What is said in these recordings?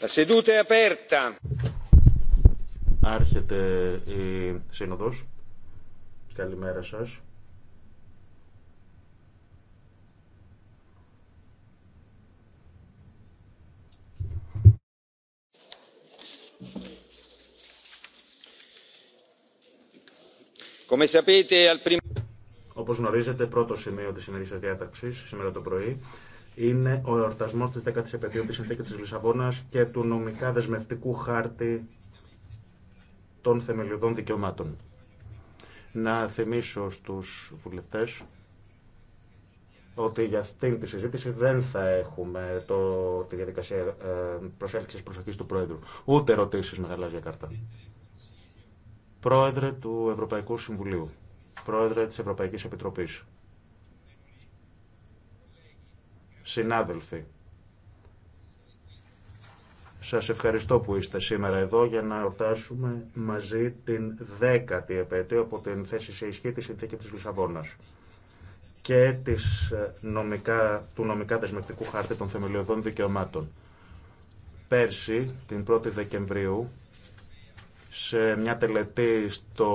La Άρχεται η σύνοδος. Καλημέρα σας. Come Όπως γνωρίζετε, πρώτο σημείο της σημερινής διάταξης, σήμερα το πρωί, είναι ο εορτασμό τη 10η επαιτίου τη συνθήκη τη Λισαβόνα και του νομικά δεσμευτικού χάρτη των θεμελιωδών δικαιωμάτων. Να θυμίσω στους βουλευτές ότι για αυτήν τη συζήτηση δεν θα έχουμε το, τη διαδικασία ε, προσέλκυσης προσοχής του Πρόεδρου. Ούτε ερωτήσεις με γαλάζια κάρτα. Πρόεδρε του Ευρωπαϊκού Συμβουλίου. Πρόεδρε της Ευρωπαϊκής Επιτροπής. συνάδελφοι. Σας ευχαριστώ που είστε σήμερα εδώ για να ορτάσουμε μαζί την δέκατη επέτειο από την θέση σε ισχύ της συνθήκη της Λισαβόνας και της ε, νομικά, του νομικά δεσμευτικού χάρτη των θεμελιωδών δικαιωμάτων. Πέρσι, την 1η Δεκεμβρίου, σε μια τελετή στο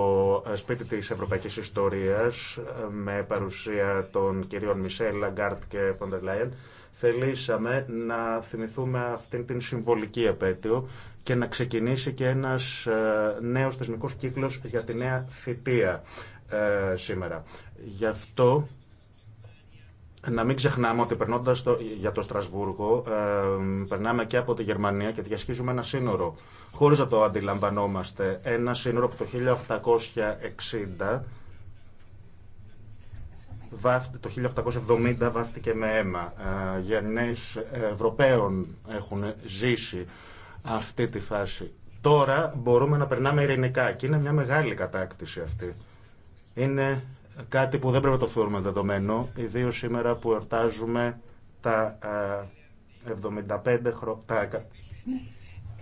σπίτι της Ευρωπαϊκής Ιστορίας ε, με παρουσία των κυρίων Μισελ, Λαγκάρτ και Φοντερ Λάιεν θελήσαμε να θυμηθούμε αυτήν την συμβολική επέτειο και να ξεκινήσει και ένας ε, νέος θεσμικός κύκλος για τη νέα θητεία ε, σήμερα. Γι' αυτό να μην ξεχνάμε ότι περνώντας για το Στρασβούργο περνάμε και από τη Γερμανία και διασχίζουμε ένα σύνορο χωρίς να το αντιλαμβανόμαστε. Ένα σύνορο που το 1860 το 1870 βάφτηκε με αίμα. Ε, γενναίες ε, Ευρωπαίων έχουν ζήσει αυτή τη φάση. Τώρα μπορούμε να περνάμε ειρηνικά και είναι μια μεγάλη κατάκτηση αυτή. Είναι κάτι που δεν πρέπει να το θεωρούμε δεδομένο, ιδίω σήμερα που εορτάζουμε τα 75 ε, χρόνια.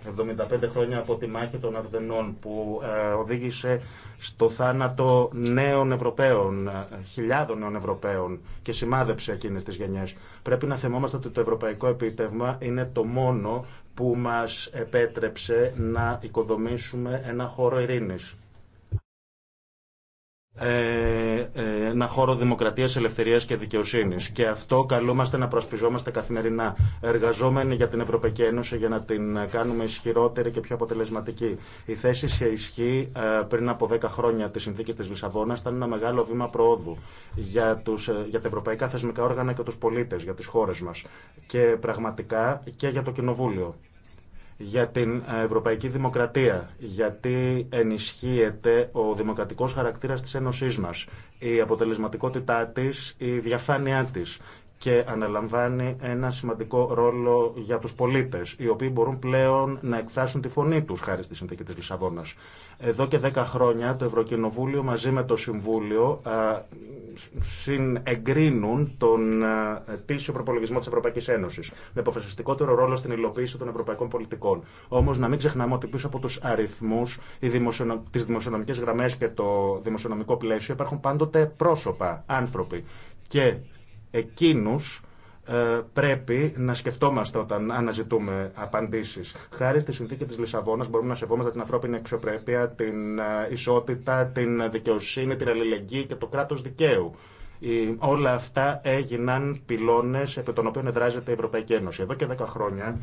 75 χρόνια από τη μάχη των Αρδενών που ε, οδήγησε στο θάνατο νέων Ευρωπαίων, ε, χιλιάδων νέων Ευρωπαίων και σημάδεψε εκείνες τις γενιές. Πρέπει να θεμόμαστε ότι το ευρωπαϊκό επίτευγμα είναι το μόνο που μας επέτρεψε να οικοδομήσουμε ένα χώρο ειρήνης ε, ε, ένα χώρο δημοκρατία, ελευθερία και δικαιοσύνη. Και αυτό καλούμαστε να προσπιζόμαστε καθημερινά. Εργαζόμενοι για την Ευρωπαϊκή Ένωση για να την κάνουμε ισχυρότερη και πιο αποτελεσματική. Η θέση σε ισχύ ε, πριν από 10 χρόνια τη συνθήκη τη Λισαβόνα ήταν ένα μεγάλο βήμα προόδου για, τους, για τα ευρωπαϊκά θεσμικά όργανα και του πολίτε για τι χώρε μα και πραγματικά και για το Κοινοβούλιο για την ε, ευρωπαϊκή δημοκρατία, γιατί ενισχύεται ο δημοκρατικός χαρακτήρας της Ένωσής μας, η αποτελεσματικότητά της, η διαφάνειά της και αναλαμβάνει ένα σημαντικό ρόλο για τους πολίτες, οι οποίοι μπορούν πλέον να εκφράσουν τη φωνή τους χάρη στη συνθήκη της Λισαβόνας. Εδώ και δέκα χρόνια το Ευρωκοινοβούλιο μαζί με το Συμβούλιο συνεγκρίνουν τον ε, τήσιο προπολογισμό τη Ευρωπαϊκή Ένωση με αποφασιστικότερο ρόλο στην υλοποίηση των ευρωπαϊκών πολιτικών. Όμω να μην ξεχνάμε ότι πίσω από του αριθμού, τι δημοσιονομικέ γραμμέ και το δημοσιονομικό πλαίσιο υπάρχουν πάντοτε πρόσωπα, άνθρωποι. Και εκείνους ε, πρέπει να σκεφτόμαστε όταν αναζητούμε απαντήσει. Χάρη στη συνθήκη τη Λισαβόνα μπορούμε να σεβόμαστε την ανθρώπινη αξιοπρέπεια, την ε, ισότητα, την δικαιοσύνη, την αλληλεγγύη και το κράτο δικαίου. Όλα αυτά έγιναν πυλώνε επί των οποίων εδράζεται η Ευρωπαϊκή Ένωση. Εδώ και 10 χρόνια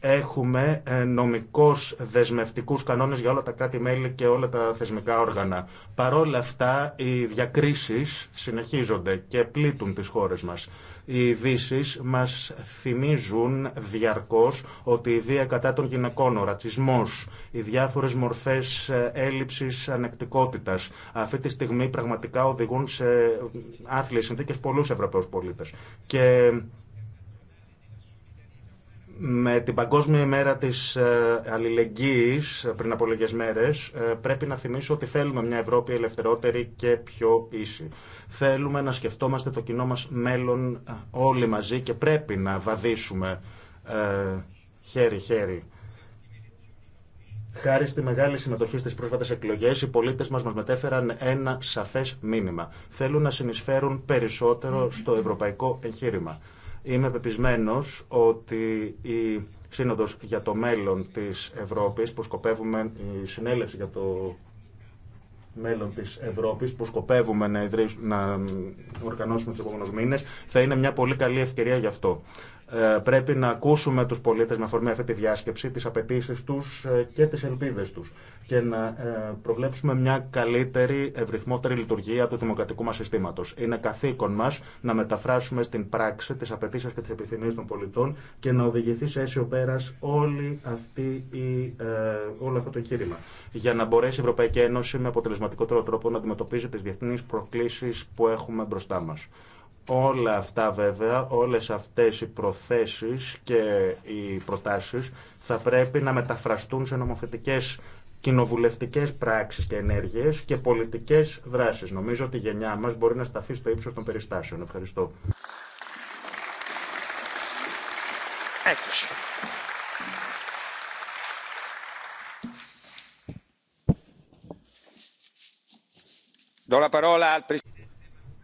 έχουμε ε, νομικώ δεσμευτικούς κανόνες για όλα τα κράτη-μέλη και όλα τα θεσμικά όργανα. Παρόλα αυτά, οι διακρίσεις συνεχίζονται και πλήττουν τις χώρες μας. Οι ειδήσει μας θυμίζουν διαρκώς ότι η βία κατά των γυναικών, ο ρατσισμό, οι διάφορες μορφές ε, έλλειψης ανεκτικότητας, αυτή τη στιγμή πραγματικά οδηγούν σε άθλιες συνθήκε πολλού Ευρωπαίους Και με την Παγκόσμια ημέρα της ε, αλληλεγγύης ε, πριν από λίγες μέρες ε, πρέπει να θυμίσω ότι θέλουμε μια Ευρώπη ελευθερότερη και πιο ίση. Θέλουμε να σκεφτόμαστε το κοινό μας μέλλον όλοι μαζί και πρέπει να βαδίσουμε χέρι-χέρι. Χάρη στη μεγάλη συμμετοχή στι πρόσφατε εκλογέ, οι πολίτε μα μας μετέφεραν ένα σαφέ μήνυμα. Θέλουν να συνεισφέρουν περισσότερο στο ευρωπαϊκό εγχείρημα. Είμαι πεπισμένος ότι η Σύνοδος για το μέλλον της Ευρώπης που σκοπεύουμε, η συνέλευση για το μέλλον της Ευρώπης που σκοπεύουμε να, να οργανώσουμε τις επόμενους μήνες θα είναι μια πολύ καλή ευκαιρία γι' αυτό. Ε, πρέπει να ακούσουμε τους πολίτες με αφορμή αυτή τη διάσκεψη, τις απαιτήσει τους ε, και τις ελπίδες τους και να ε, προβλέψουμε μια καλύτερη, ευρυθμότερη λειτουργία του δημοκρατικού μας συστήματος. Είναι καθήκον μας να μεταφράσουμε στην πράξη τις απαιτήσει και τις επιθυμίες των πολιτών και να οδηγηθεί σε αίσιο πέρας όλη αυτή η, ε, όλο αυτό το εγχείρημα. Για να μπορέσει η Ευρωπαϊκή Ένωση με αποτελεσματικότερο τρόπο να αντιμετωπίζει τις διεθνείς προκλήσεις που έχουμε μπροστά μας. Όλα αυτά βέβαια, όλες αυτές οι προθέσεις και οι προτάσεις θα πρέπει να μεταφραστούν σε νομοθετικές κοινοβουλευτικέ πράξεις και ενέργειες και πολιτικές δράσεις. Νομίζω ότι η γενιά μας μπορεί να σταθεί στο ύψος των περιστάσεων. Ευχαριστώ.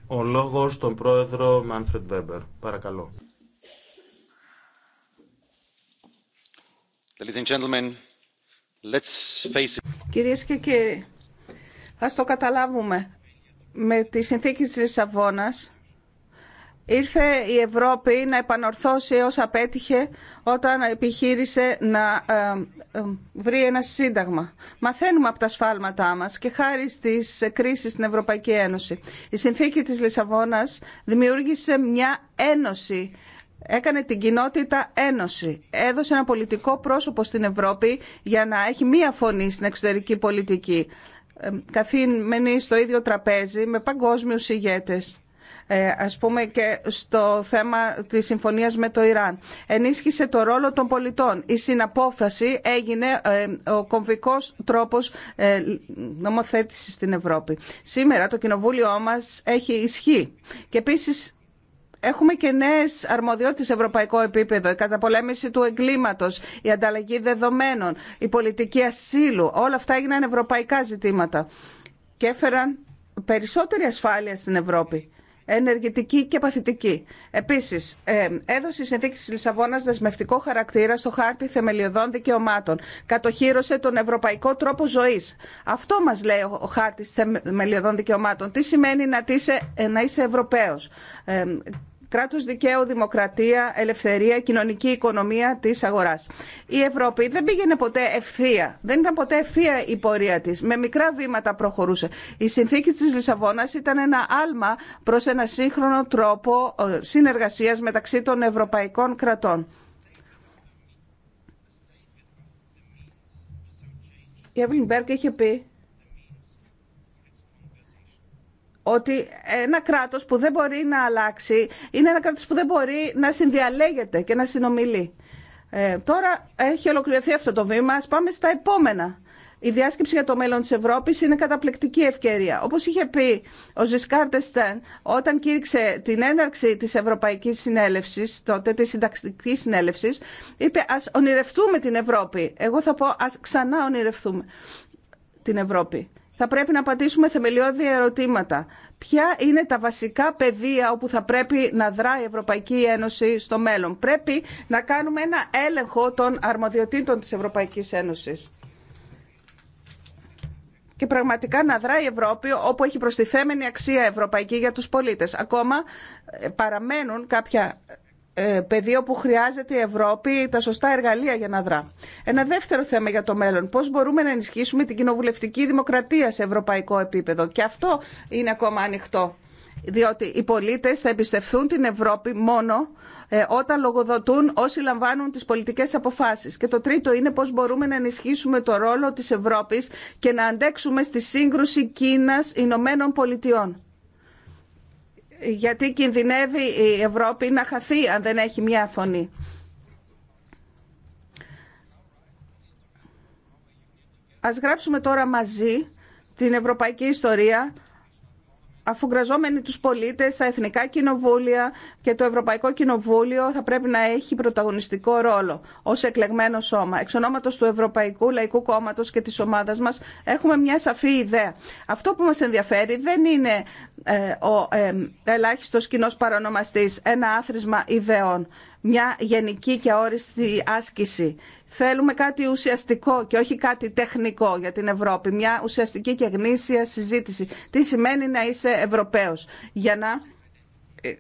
Ο λόγος στον πρόεδρο Μάνφρεντ Βέμπερ. Παρακαλώ. Κυρίες και κύριοι, ας το καταλάβουμε. Με τη συνθήκη της Λισαβόνας Ήρθε η Ευρώπη να επανορθώσει όσα πέτυχε όταν επιχείρησε να ε, ε, βρει ένα σύνταγμα. Μαθαίνουμε από τα σφάλματά μας και χάρη στις κρίσεις στην Ευρωπαϊκή Ένωση. Η συνθήκη της Λισαβόνας δημιούργησε μια ένωση έκανε την κοινότητα ένωση. Έδωσε ένα πολιτικό πρόσωπο στην Ευρώπη για να έχει μία φωνή στην εξωτερική πολιτική. Ε, Καθήμενοι στο ίδιο τραπέζι με παγκόσμιους ηγέτες. Ε, ας πούμε και στο θέμα της συμφωνίας με το Ιράν. Ενίσχυσε το ρόλο των πολιτών. Η συναπόφαση έγινε ε, ο κομβικός τρόπος ε, νομοθέτησης στην Ευρώπη. Σήμερα το κοινοβούλιο μας έχει ισχύ και επίσης Έχουμε και νέε αρμοδιότητε σε ευρωπαϊκό επίπεδο. Η καταπολέμηση του εγκλήματο, η ανταλλαγή δεδομένων, η πολιτική ασύλου. Όλα αυτά έγιναν ευρωπαϊκά ζητήματα και έφεραν περισσότερη ασφάλεια στην Ευρώπη ενεργητική και παθητική. Επίση, ε, έδωσε η συνθήκη τη Λισαβόνα δεσμευτικό χαρακτήρα στο χάρτη θεμελιωδών δικαιωμάτων. Κατοχύρωσε τον ευρωπαϊκό τρόπο ζωή. Αυτό μα λέει ο χάρτη θεμελιωδών δικαιωμάτων. Τι σημαίνει να ε, είσαι, να Ευρωπαίο. Ε, κράτους δικαίου, δημοκρατία, ελευθερία, κοινωνική οικονομία της αγοράς. Η Ευρώπη δεν πήγαινε ποτέ ευθεία, δεν ήταν ποτέ ευθεία η πορεία της. Με μικρά βήματα προχωρούσε. Η συνθήκη της Λισαβόνας ήταν ένα άλμα προς ένα σύγχρονο τρόπο ε, συνεργασίας μεταξύ των ευρωπαϊκών κρατών. Η Εύλιν Μπέρκ είχε πει ότι ένα κράτος που δεν μπορεί να αλλάξει είναι ένα κράτος που δεν μπορεί να συνδιαλέγεται και να συνομιλεί. Ε, τώρα έχει ολοκληρωθεί αυτό το βήμα, ας πάμε στα επόμενα. Η διάσκεψη για το μέλλον της Ευρώπης είναι καταπληκτική ευκαιρία. Όπως είχε πει ο Στεν, όταν κήρυξε την έναρξη της Ευρωπαϊκής Συνέλευσης, τότε της Συντακτικής Συνέλευσης, είπε ας ονειρευτούμε την Ευρώπη. Εγώ θα πω ας ξανά ονειρευτούμε την Ευρώπη θα πρέπει να απαντήσουμε θεμελιώδη ερωτήματα. Ποια είναι τα βασικά πεδία όπου θα πρέπει να δράει η Ευρωπαϊκή Ένωση στο μέλλον. Πρέπει να κάνουμε ένα έλεγχο των αρμοδιοτήτων της Ευρωπαϊκής Ένωσης. Και πραγματικά να δράει η Ευρώπη όπου έχει προστιθέμενη αξία ευρωπαϊκή για τους πολίτες. Ακόμα ε, παραμένουν κάποια ε, πεδίο που χρειάζεται η Ευρώπη τα σωστά εργαλεία για να δρά. Ένα δεύτερο θέμα για το μέλλον. Πώς μπορούμε να ενισχύσουμε την κοινοβουλευτική δημοκρατία σε ευρωπαϊκό επίπεδο. Και αυτό είναι ακόμα ανοιχτό. Διότι οι πολίτες θα εμπιστευθούν την Ευρώπη μόνο ε, όταν λογοδοτούν όσοι λαμβάνουν τις πολιτικές αποφάσεις. Και το τρίτο είναι πώς μπορούμε να ενισχύσουμε το ρόλο της Ευρώπης και να αντέξουμε στη σύγκρουση Κίνας-Ηνωμένων Πολιτειών γιατί κινδυνεύει η Ευρώπη να χαθεί αν δεν έχει μια φωνή. Ας γράψουμε τώρα μαζί την ευρωπαϊκή ιστορία αφού γραζόμενοι τους πολίτες, τα εθνικά κοινοβούλια και το Ευρωπαϊκό Κοινοβούλιο θα πρέπει να έχει πρωταγωνιστικό ρόλο ως εκλεγμένο σώμα. Εξ του Ευρωπαϊκού Λαϊκού Κόμματος και της ομάδας μας έχουμε μια σαφή ιδέα. Αυτό που μας ενδιαφέρει δεν είναι ε, ο ε, ελάχιστος κοινό παρονομαστής, ένα άθροισμα ιδεών, μια γενική και όριστη άσκηση Θέλουμε κάτι ουσιαστικό και όχι κάτι τεχνικό για την Ευρώπη. Μια ουσιαστική και γνήσια συζήτηση. Τι σημαίνει να είσαι Ευρωπαίος για να ε,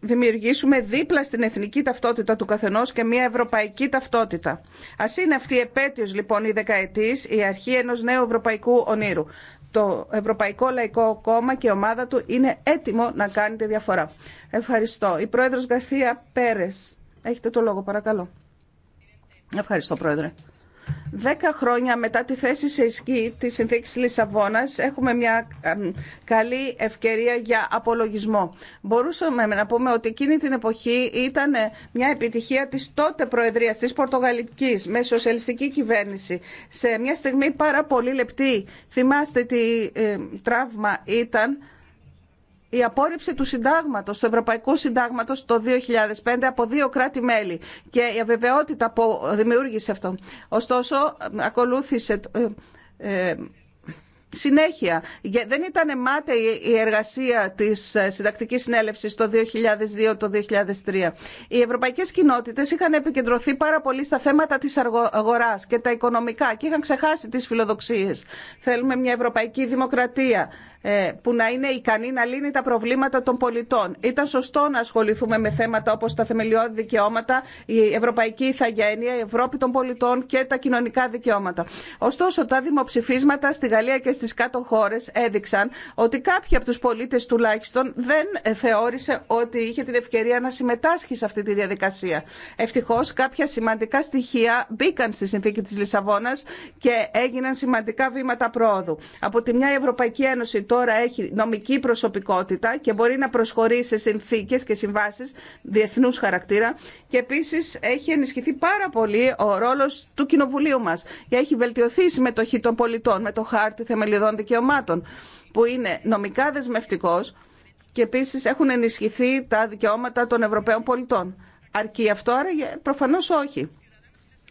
δημιουργήσουμε δίπλα στην εθνική ταυτότητα του καθενός και μια ευρωπαϊκή ταυτότητα. Ας είναι αυτή η επέτειος λοιπόν η δεκαετής η αρχή ενός νέου ευρωπαϊκού ονείρου. Το Ευρωπαϊκό Λαϊκό Κόμμα και η ομάδα του είναι έτοιμο να κάνει τη διαφορά. Ευχαριστώ. Η Πρόεδρος Γκαρθία Πέρες. Έχετε το λόγο παρακαλώ. Ευχαριστώ, Πρόεδρε. Δέκα χρόνια μετά τη θέση σε ισχύ της συνθήκης Λισαβόνας έχουμε μια καλή ευκαιρία για απολογισμό. Μπορούσαμε να πούμε ότι εκείνη την εποχή ήταν ε, μια επιτυχία της τότε Προεδρίας της Πορτογαλικής με σοσιαλιστική κυβέρνηση σε μια στιγμή πάρα πολύ λεπτή. Θυμάστε τι ε, τραύμα ήταν η απόρριψη του του Ευρωπαϊκού Συντάγματος το 2005 από δύο κράτη-μέλη και η αβεβαιότητα που δημιούργησε αυτό. Ωστόσο, ακολούθησε ε, ε, συνέχεια. Δεν ήταν μάταιη η εργασία της ε, συντακτικής συνέλευσης το 2002 το 2003. Οι ευρωπαϊκές κοινότητες είχαν επικεντρωθεί πάρα πολύ στα θέματα της αγοράς και τα οικονομικά και είχαν ξεχάσει τις φιλοδοξίες. Θέλουμε μια ευρωπαϊκή δημοκρατία, ε, που να είναι ικανή να λύνει τα προβλήματα των πολιτών. Ήταν σωστό να ασχοληθούμε με θέματα όπως τα θεμελιώδη δικαιώματα, η ευρωπαϊκή ηθαγένεια, η Ευρώπη των πολιτών και τα κοινωνικά δικαιώματα. Ωστόσο, τα δημοψηφίσματα στη Γαλλία και στις κάτω χώρες έδειξαν ότι κάποιοι από τους πολίτες τουλάχιστον δεν θεώρησε ότι είχε την ευκαιρία να συμμετάσχει σε αυτή τη διαδικασία. Ευτυχώς κάποια σημαντικά στοιχεία μπήκαν στη συνθήκη της Λισαβόνας και έγιναν σημαντικά βήματα πρόοδου. Από τη μια Ευρωπαϊκή Ένωση τώρα έχει νομική προσωπικότητα και μπορεί να προσχωρεί σε συνθήκες και συμβάσεις διεθνούς χαρακτήρα και επίσης έχει ενισχυθεί πάρα πολύ ο ρόλος του Κοινοβουλίου μας και έχει βελτιωθεί η συμμετοχή των πολιτών με το χάρτη θεμελιωδών δικαιωμάτων που είναι νομικά δεσμευτικός και επίσης έχουν ενισχυθεί τα δικαιώματα των Ευρωπαίων πολιτών. Αρκεί αυτό, άρα προφανώς όχι.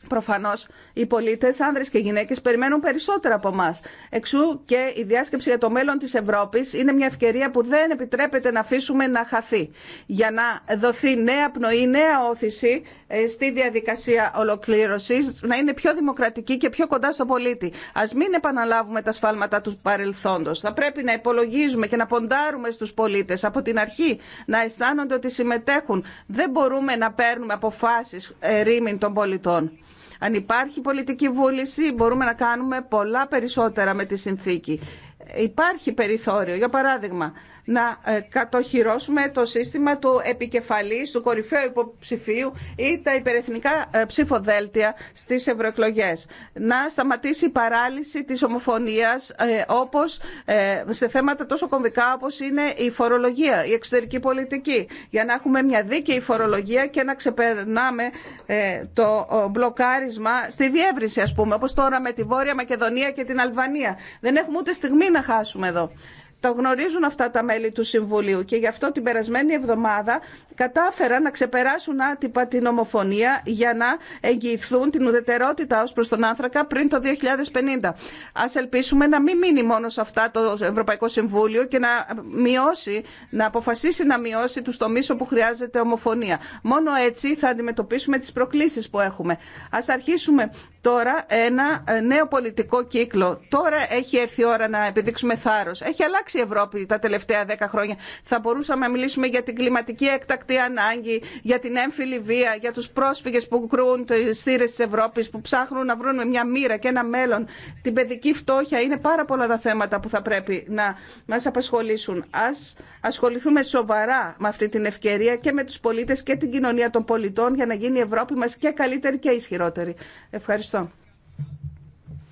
Προφανώ οι πολίτε, άνδρε και γυναίκε, περιμένουν περισσότερα από εμά. Εξού και η διάσκεψη για το μέλλον τη Ευρώπη είναι μια ευκαιρία που δεν επιτρέπεται να αφήσουμε να χαθεί. Για να δοθεί νέα πνοή, νέα όθηση ε, στη διαδικασία ολοκλήρωση, να είναι πιο δημοκρατική και πιο κοντά στον πολίτη. Α μην επαναλάβουμε τα σφάλματα του παρελθόντο. Θα πρέπει να υπολογίζουμε και να ποντάρουμε στου πολίτε από την αρχή, να αισθάνονται ότι συμμετέχουν. Δεν μπορούμε να παίρνουμε αποφάσει ερήμην των πολιτών. Αν υπάρχει πολιτική βούληση μπορούμε να κάνουμε πολλά περισσότερα με τη συνθήκη. Υπάρχει περιθώριο. Για παράδειγμα, να ε, κατοχυρώσουμε το σύστημα του επικεφαλής, του κορυφαίου υποψηφίου ή τα υπερεθνικά ε, ψηφοδέλτια στις ευρωεκλογέ. Να σταματήσει η παράλυση της ομοφωνίας ε, όπως, σε θέματα τόσο κομβικά όπως είναι η φορολογία, η εξωτερική πολιτική, για να έχουμε μια δίκαιη φορολογία και να ξεπερνάμε το μπλοκάρισμα στη διεύρυνση, ας πούμε, όπως τώρα με τη Βόρεια Μακεδονία και την Αλβανία. Δεν έχουμε ούτε στιγμή να χάσουμε εδώ. Το γνωρίζουν αυτά τα μέλη του Συμβουλίου και γι' αυτό την περασμένη εβδομάδα κατάφεραν να ξεπεράσουν άτυπα την ομοφωνία για να εγγυηθούν την ουδετερότητα ως προς τον άνθρακα πριν το 2050. Ας ελπίσουμε να μην μείνει μόνο σε αυτά το Ευρωπαϊκό Συμβούλιο και να μειώσει, να αποφασίσει να μειώσει του τομεί όπου χρειάζεται ομοφωνία. Μόνο έτσι θα αντιμετωπίσουμε τι προκλήσει που έχουμε. Α αρχίσουμε τώρα ένα ε, νέο πολιτικό κύκλο. Τώρα έχει έρθει η ώρα να επιδείξουμε θάρρο. Έχει αλλάξει η Ευρώπη τα τελευταία δέκα χρόνια. Θα μπορούσαμε να μιλήσουμε για την κλιματική έκτακτη ανάγκη, για την έμφυλη βία, για του πρόσφυγες που κρούν τι θύρε τη Ευρώπη που ψάχνουν να βρουν μια μοίρα και ένα μέλλον, την παιδική φτώχεια. Είναι πάρα πολλά τα θέματα που θα πρέπει να μα απασχολήσουν. Α ασχοληθούμε σοβαρά με αυτή την ευκαιρία και με του πολίτε και την κοινωνία των πολιτών για να γίνει η Ευρώπη μα και καλύτερη και ισχυρότερη. Ευχαριστώ. Ευχαριστώ.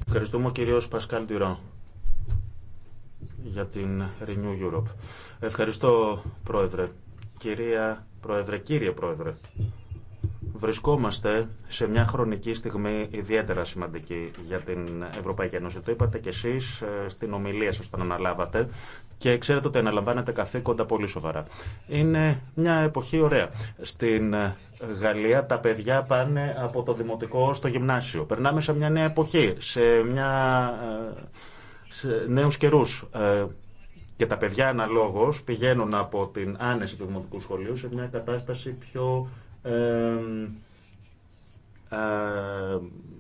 Ευχαριστούμε κύριος Πασκάλ Τυρό για την Renew Europe. Ευχαριστώ, Πρόεδρε. Κυρία Πρόεδρε, κύριε Πρόεδρε. Βρισκόμαστε σε μια χρονική στιγμή ιδιαίτερα σημαντική για την Ευρωπαϊκή Ένωση. Το είπατε και εσεί ε, στην ομιλία σα όταν αναλάβατε και ξέρετε ότι αναλαμβάνετε καθήκοντα πολύ σοβαρά. Είναι μια εποχή ωραία. Στην Γαλλία τα παιδιά πάνε από το δημοτικό στο γυμνάσιο. Περνάμε σε μια νέα εποχή, σε, μια, ε, σε νέους καιρούς. Ε, και τα παιδιά αναλόγως πηγαίνουν από την άνεση του δημοτικού σχολείου σε μια κατάσταση πιο ε,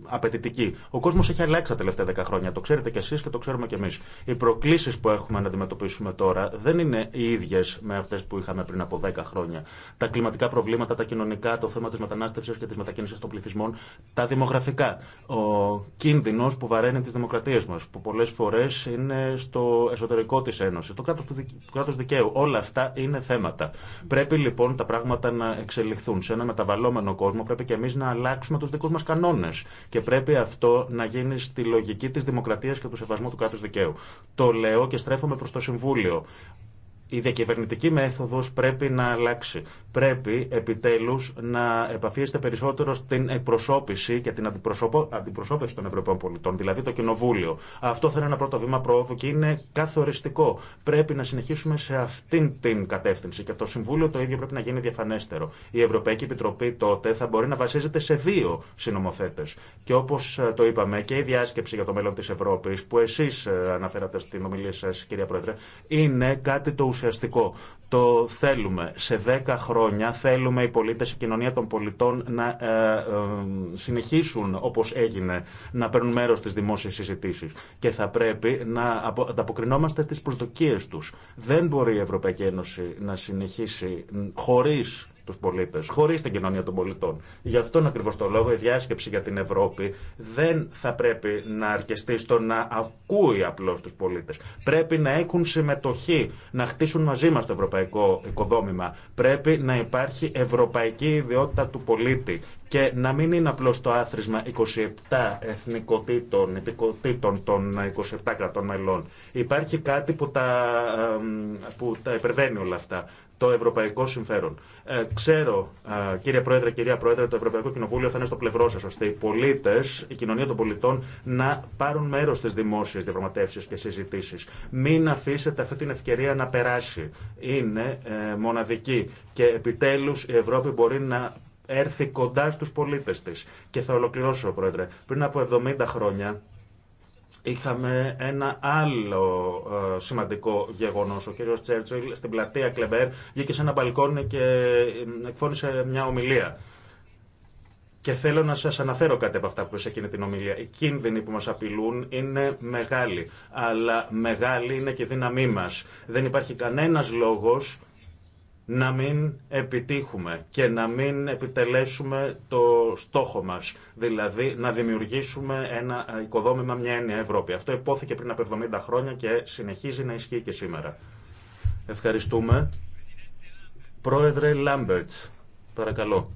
απαιτητική. Ο κόσμο έχει αλλάξει τα τελευταία δέκα χρόνια. Το ξέρετε κι εσεί και το ξέρουμε κι εμεί. Οι προκλήσει που έχουμε να αντιμετωπίσουμε τώρα δεν είναι οι ίδιε με αυτέ που είχαμε πριν από δέκα χρόνια. Τα κλιματικά προβλήματα, τα κοινωνικά, το θέμα τη μετανάστευση και τη μετακίνηση των πληθυσμών, τα δημογραφικά. Ο κίνδυνο που βαραίνει τι δημοκρατίε μα, που πολλέ φορέ είναι στο εσωτερικό τη Ένωση, το κράτο δικαίου. Όλα αυτά είναι θέματα. Πρέπει λοιπόν τα πράγματα να εξελιχθούν. Σε ένα μεταβαλλόμενο κόσμο πρέπει και εμεί να αλλάξουμε του δικού μα κανόνε και πρέπει αυτό να γίνει στη λογική της δημοκρατίας και του σεβασμού του κράτου δικαίου. Το λέω και στρέφομαι προς το Συμβούλιο. Η διακυβερνητική μέθοδος πρέπει να αλλάξει πρέπει επιτέλους να επαφίεστε περισσότερο στην εκπροσώπηση και την αντιπροσώπευση των Ευρωπαίων πολιτών, δηλαδή το Κοινοβούλιο. Αυτό θα είναι ένα πρώτο βήμα προόδου και είναι καθοριστικό. Πρέπει να συνεχίσουμε σε αυτήν την κατεύθυνση και το Συμβούλιο το ίδιο πρέπει να γίνει διαφανέστερο. Η Ευρωπαϊκή Επιτροπή τότε θα μπορεί να βασίζεται σε δύο συνομοθέτε. Και όπω ε, το είπαμε και η διάσκεψη για το μέλλον τη Ευρώπη, που εσεί ε, αναφέρατε στην ομιλία σα, κυρία Πρόεδρε, είναι κάτι το ουσιαστικό. Το θέλουμε. Σε δέκα χρόνια θέλουμε οι πολίτες, η κοινωνία των πολιτών να ε, ε, συνεχίσουν όπως έγινε να παίρνουν μέρος στις δημόσιες συζητήσεις και θα πρέπει να ανταποκρινόμαστε στις προσδοκίες τους. Δεν μπορεί η Ευρωπαϊκή Ένωση να συνεχίσει χωρίς του πολίτε, χωρί την κοινωνία των πολιτών. Γι' αυτόν ακριβώ το λόγο η διάσκεψη για την Ευρώπη δεν θα πρέπει να αρκεστεί στο να ακούει απλώ του πολίτε. Πρέπει να έχουν συμμετοχή, να χτίσουν μαζί μα το ευρωπαϊκό οικοδόμημα. Πρέπει να υπάρχει ευρωπαϊκή ιδιότητα του πολίτη και να μην είναι απλώς το άθροισμα 27 εθνικοτήτων, υπηκοτήτων των 27 κρατών μελών. Υπάρχει κάτι που τα, που τα υπερβαίνει όλα αυτά το ευρωπαϊκό συμφέρον. Ε, ξέρω, κύριε Πρόεδρε, κυρία Πρόεδρε, το Ευρωπαϊκό Κοινοβούλιο θα είναι στο πλευρό σα, ώστε οι πολίτε, η κοινωνία των πολιτών, να πάρουν μέρο στι δημόσιε διαπραγματεύσει και συζητήσει. Μην αφήσετε αυτή την ευκαιρία να περάσει. Είναι ε, μοναδική και επιτέλου η Ευρώπη μπορεί να έρθει κοντά στου πολίτε τη. Και θα ολοκληρώσω, Πρόεδρε. Πριν από 70 χρόνια, Είχαμε ένα άλλο ε, σημαντικό γεγονό. Ο κύριο Τσέρτσιλ στην πλατεία Κλεμπέρ βγήκε σε ένα μπαλκόνι και ε, εκφώνησε μια ομιλία. Και θέλω να σα αναφέρω κάτι από αυτά που σε εκείνη την ομιλία. Οι κίνδυνοι που μα απειλούν είναι μεγάλοι. Αλλά μεγάλη είναι και η δύναμή μα. Δεν υπάρχει κανένα λόγο να μην επιτύχουμε και να μην επιτελέσουμε το στόχο μας, δηλαδή να δημιουργήσουμε ένα οικοδόμημα, μια έννοια Ευρώπη. Αυτό υπόθηκε πριν από 70 χρόνια και συνεχίζει να ισχύει και σήμερα. Ευχαριστούμε. Πρόεδρε Λάμπερτ, Παρακαλώ.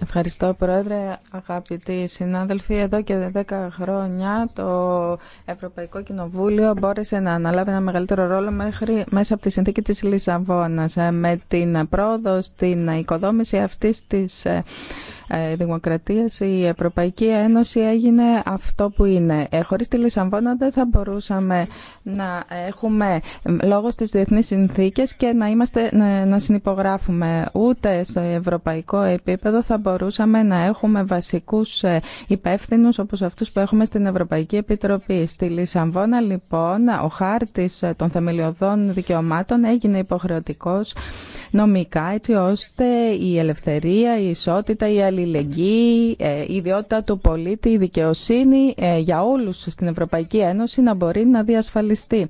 Ευχαριστώ, Πρόεδρε. Αγαπητοί συνάδελφοι, εδώ και 10 χρόνια το Ευρωπαϊκό Κοινοβούλιο μπόρεσε να αναλάβει ένα μεγαλύτερο ρόλο μέχρι, μέσα από τη συνθήκη της Λισαβόνας. Ε, με την πρόοδο στην οικοδόμηση αυτής της ε, ε, δημοκρατίας η Ευρωπαϊκή Ένωση έγινε αυτό που είναι. Ε, χωρίς τη Λισαμβόνα δεν θα μπορούσαμε να έχουμε λόγο στις διεθνείς συνθήκες και να, είμαστε, να συνυπογράφουμε ούτε σε ευρωπαϊκό επίπεδο θα μπορούσαμε να έχουμε βασικούς ε, υπεύθυνους όπως αυτούς που έχουμε στην Ευρωπαϊκή Επιτροπή. Στη Λισαμβόνα λοιπόν ο χάρτης των θεμελιωδών δικαιωμάτων έγινε υποχρεωτικός νομικά έτσι ώστε η ελευθερία, η ισότητα, η αλληλεγγύη, ε, η ιδιότητα του πολίτη, η δικαιοσύνη ε, για όλους στην Ευρωπαϊκή Ένωση να μπορεί να διασφαλιστεί.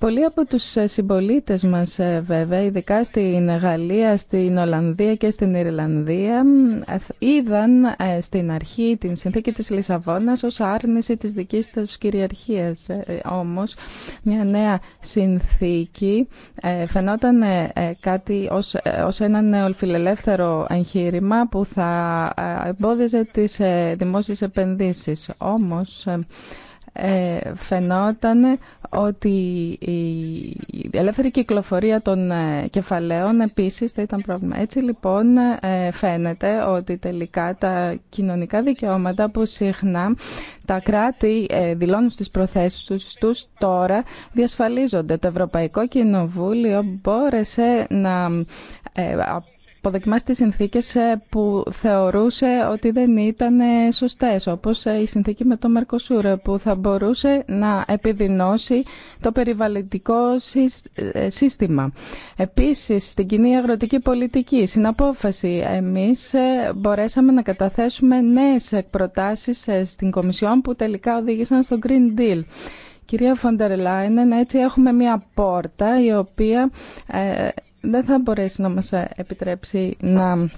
Πολλοί από τους ε, συμπολίτες μας ε, βέβαια, ειδικά στην Γαλλία, στην Ολλανδία και στην Ιρλανδία, ε, είδαν στην αρχή την συνθήκη της Λισαβόνας ως άρνηση της δικής τους κυριαρχίας. Όμως, μια νέα συνθήκη φαινόταν κάτι ως, ένα νεοφιλελεύθερο εγχείρημα που θα εμπόδιζε τις δημόσιες επενδύσεις. Όμως, ε, φαινόταν ότι η ελεύθερη κυκλοφορία των ε, κεφαλαίων επίσης θα ήταν πρόβλημα. Έτσι λοιπόν ε, φαίνεται ότι τελικά τα κοινωνικά δικαιώματα που συχνά τα κράτη δηλώνουν στις προθέσεις τους τώρα διασφαλίζονται. Το Ευρωπαϊκό Κοινοβούλιο μπόρεσε να αποδοκιμάσει τις συνθήκες ε, που θεωρούσε ότι δεν ήταν ε, σωστές, όπως ε, η συνθήκη με το Μερκοσούρ, που θα μπορούσε να επιδεινώσει το περιβαλλοντικό σύστημα. Επίσης, στην κοινή αγροτική πολιτική, στην απόφαση, εμείς μπορέσαμε να καταθέσουμε νέες προτάσεις στην Κομισιόν που τελικά οδήγησαν στο Green Deal. Κυρία Φοντερ Λάινεν, έτσι έχουμε μία πόρτα η οποία δεν θα μπορέσει να μας ε, επιτρέψει να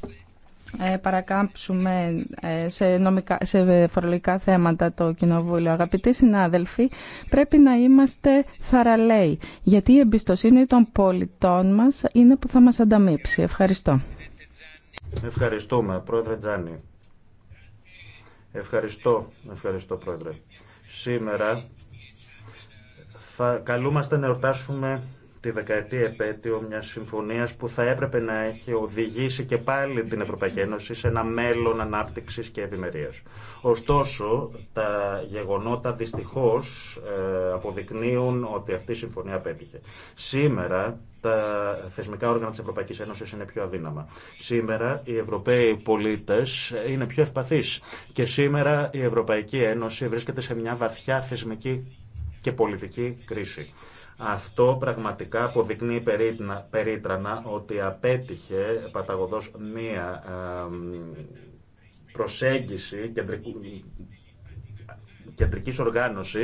ε, παρακάμψουμε ε, σε, νομικά, σε φορολογικά θέματα το Κοινοβούλιο. Αγαπητοί συνάδελφοι, πρέπει να είμαστε θαραλέοι, γιατί η εμπιστοσύνη των πολιτών μας είναι που θα μας ανταμείψει. Ευχαριστώ. Ευχαριστούμε, Πρόεδρε Τζάνι. Ευχαριστώ, ευχαριστώ Πρόεδρε. Σήμερα θα καλούμαστε να ρωτάσουμε τη δεκαετή επέτειο μια συμφωνία που θα έπρεπε να έχει οδηγήσει και πάλι την Ευρωπαϊκή Ένωση σε ένα μέλλον ανάπτυξη και ευημερία. Ωστόσο, τα γεγονότα δυστυχώς ε, αποδεικνύουν ότι αυτή η συμφωνία πέτυχε. Σήμερα τα θεσμικά όργανα της Ευρωπαϊκής Ένωσης είναι πιο αδύναμα. Σήμερα οι Ευρωπαίοι πολίτες είναι πιο ευπαθείς και σήμερα η Ευρωπαϊκή Ένωση βρίσκεται σε μια βαθιά θεσμική και πολιτική κρίση. Αυτό πραγματικά αποδεικνύει περίτρανα ότι απέτυχε παταγωδός μία προσέγγιση κεντρικού, κεντρική οργάνωση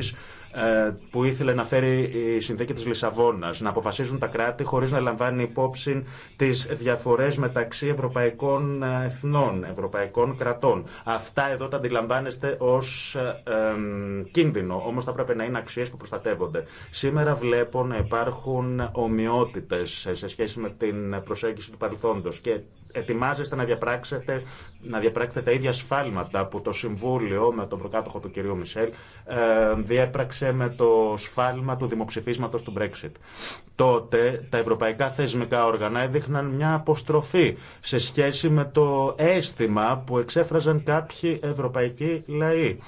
ε, που ήθελε να φέρει η συνθήκη τη Λισαβόνα, να αποφασίζουν τα κράτη χωρίς να λαμβάνει υπόψη τις διαφορές μεταξύ ευρωπαϊκών ε, εθνών, ευρωπαϊκών κρατών. Αυτά εδώ τα αντιλαμβάνεστε ω ε, κίνδυνο, όμω θα πρέπει να είναι αξίε που προστατεύονται. Σήμερα βλέπω να υπάρχουν ομοιότητες σε σχέση με την προσέγγιση του παρελθόντος και ετοιμάζεστε να διαπράξετε, να διαπράξετε τα ίδια σφάλματα που το Συμβούλιο με τον προκάτοχο του κυρίου Μισελ ε, διέπραξε με το σφάλμα του δημοψηφίσματος του Brexit. Τότε τα ευρωπαϊκά θεσμικά όργανα έδειχναν μια αποστροφή σε σχέση με το αίσθημα που εξέφραζαν κάποιοι ευρωπαϊκοί λαοί.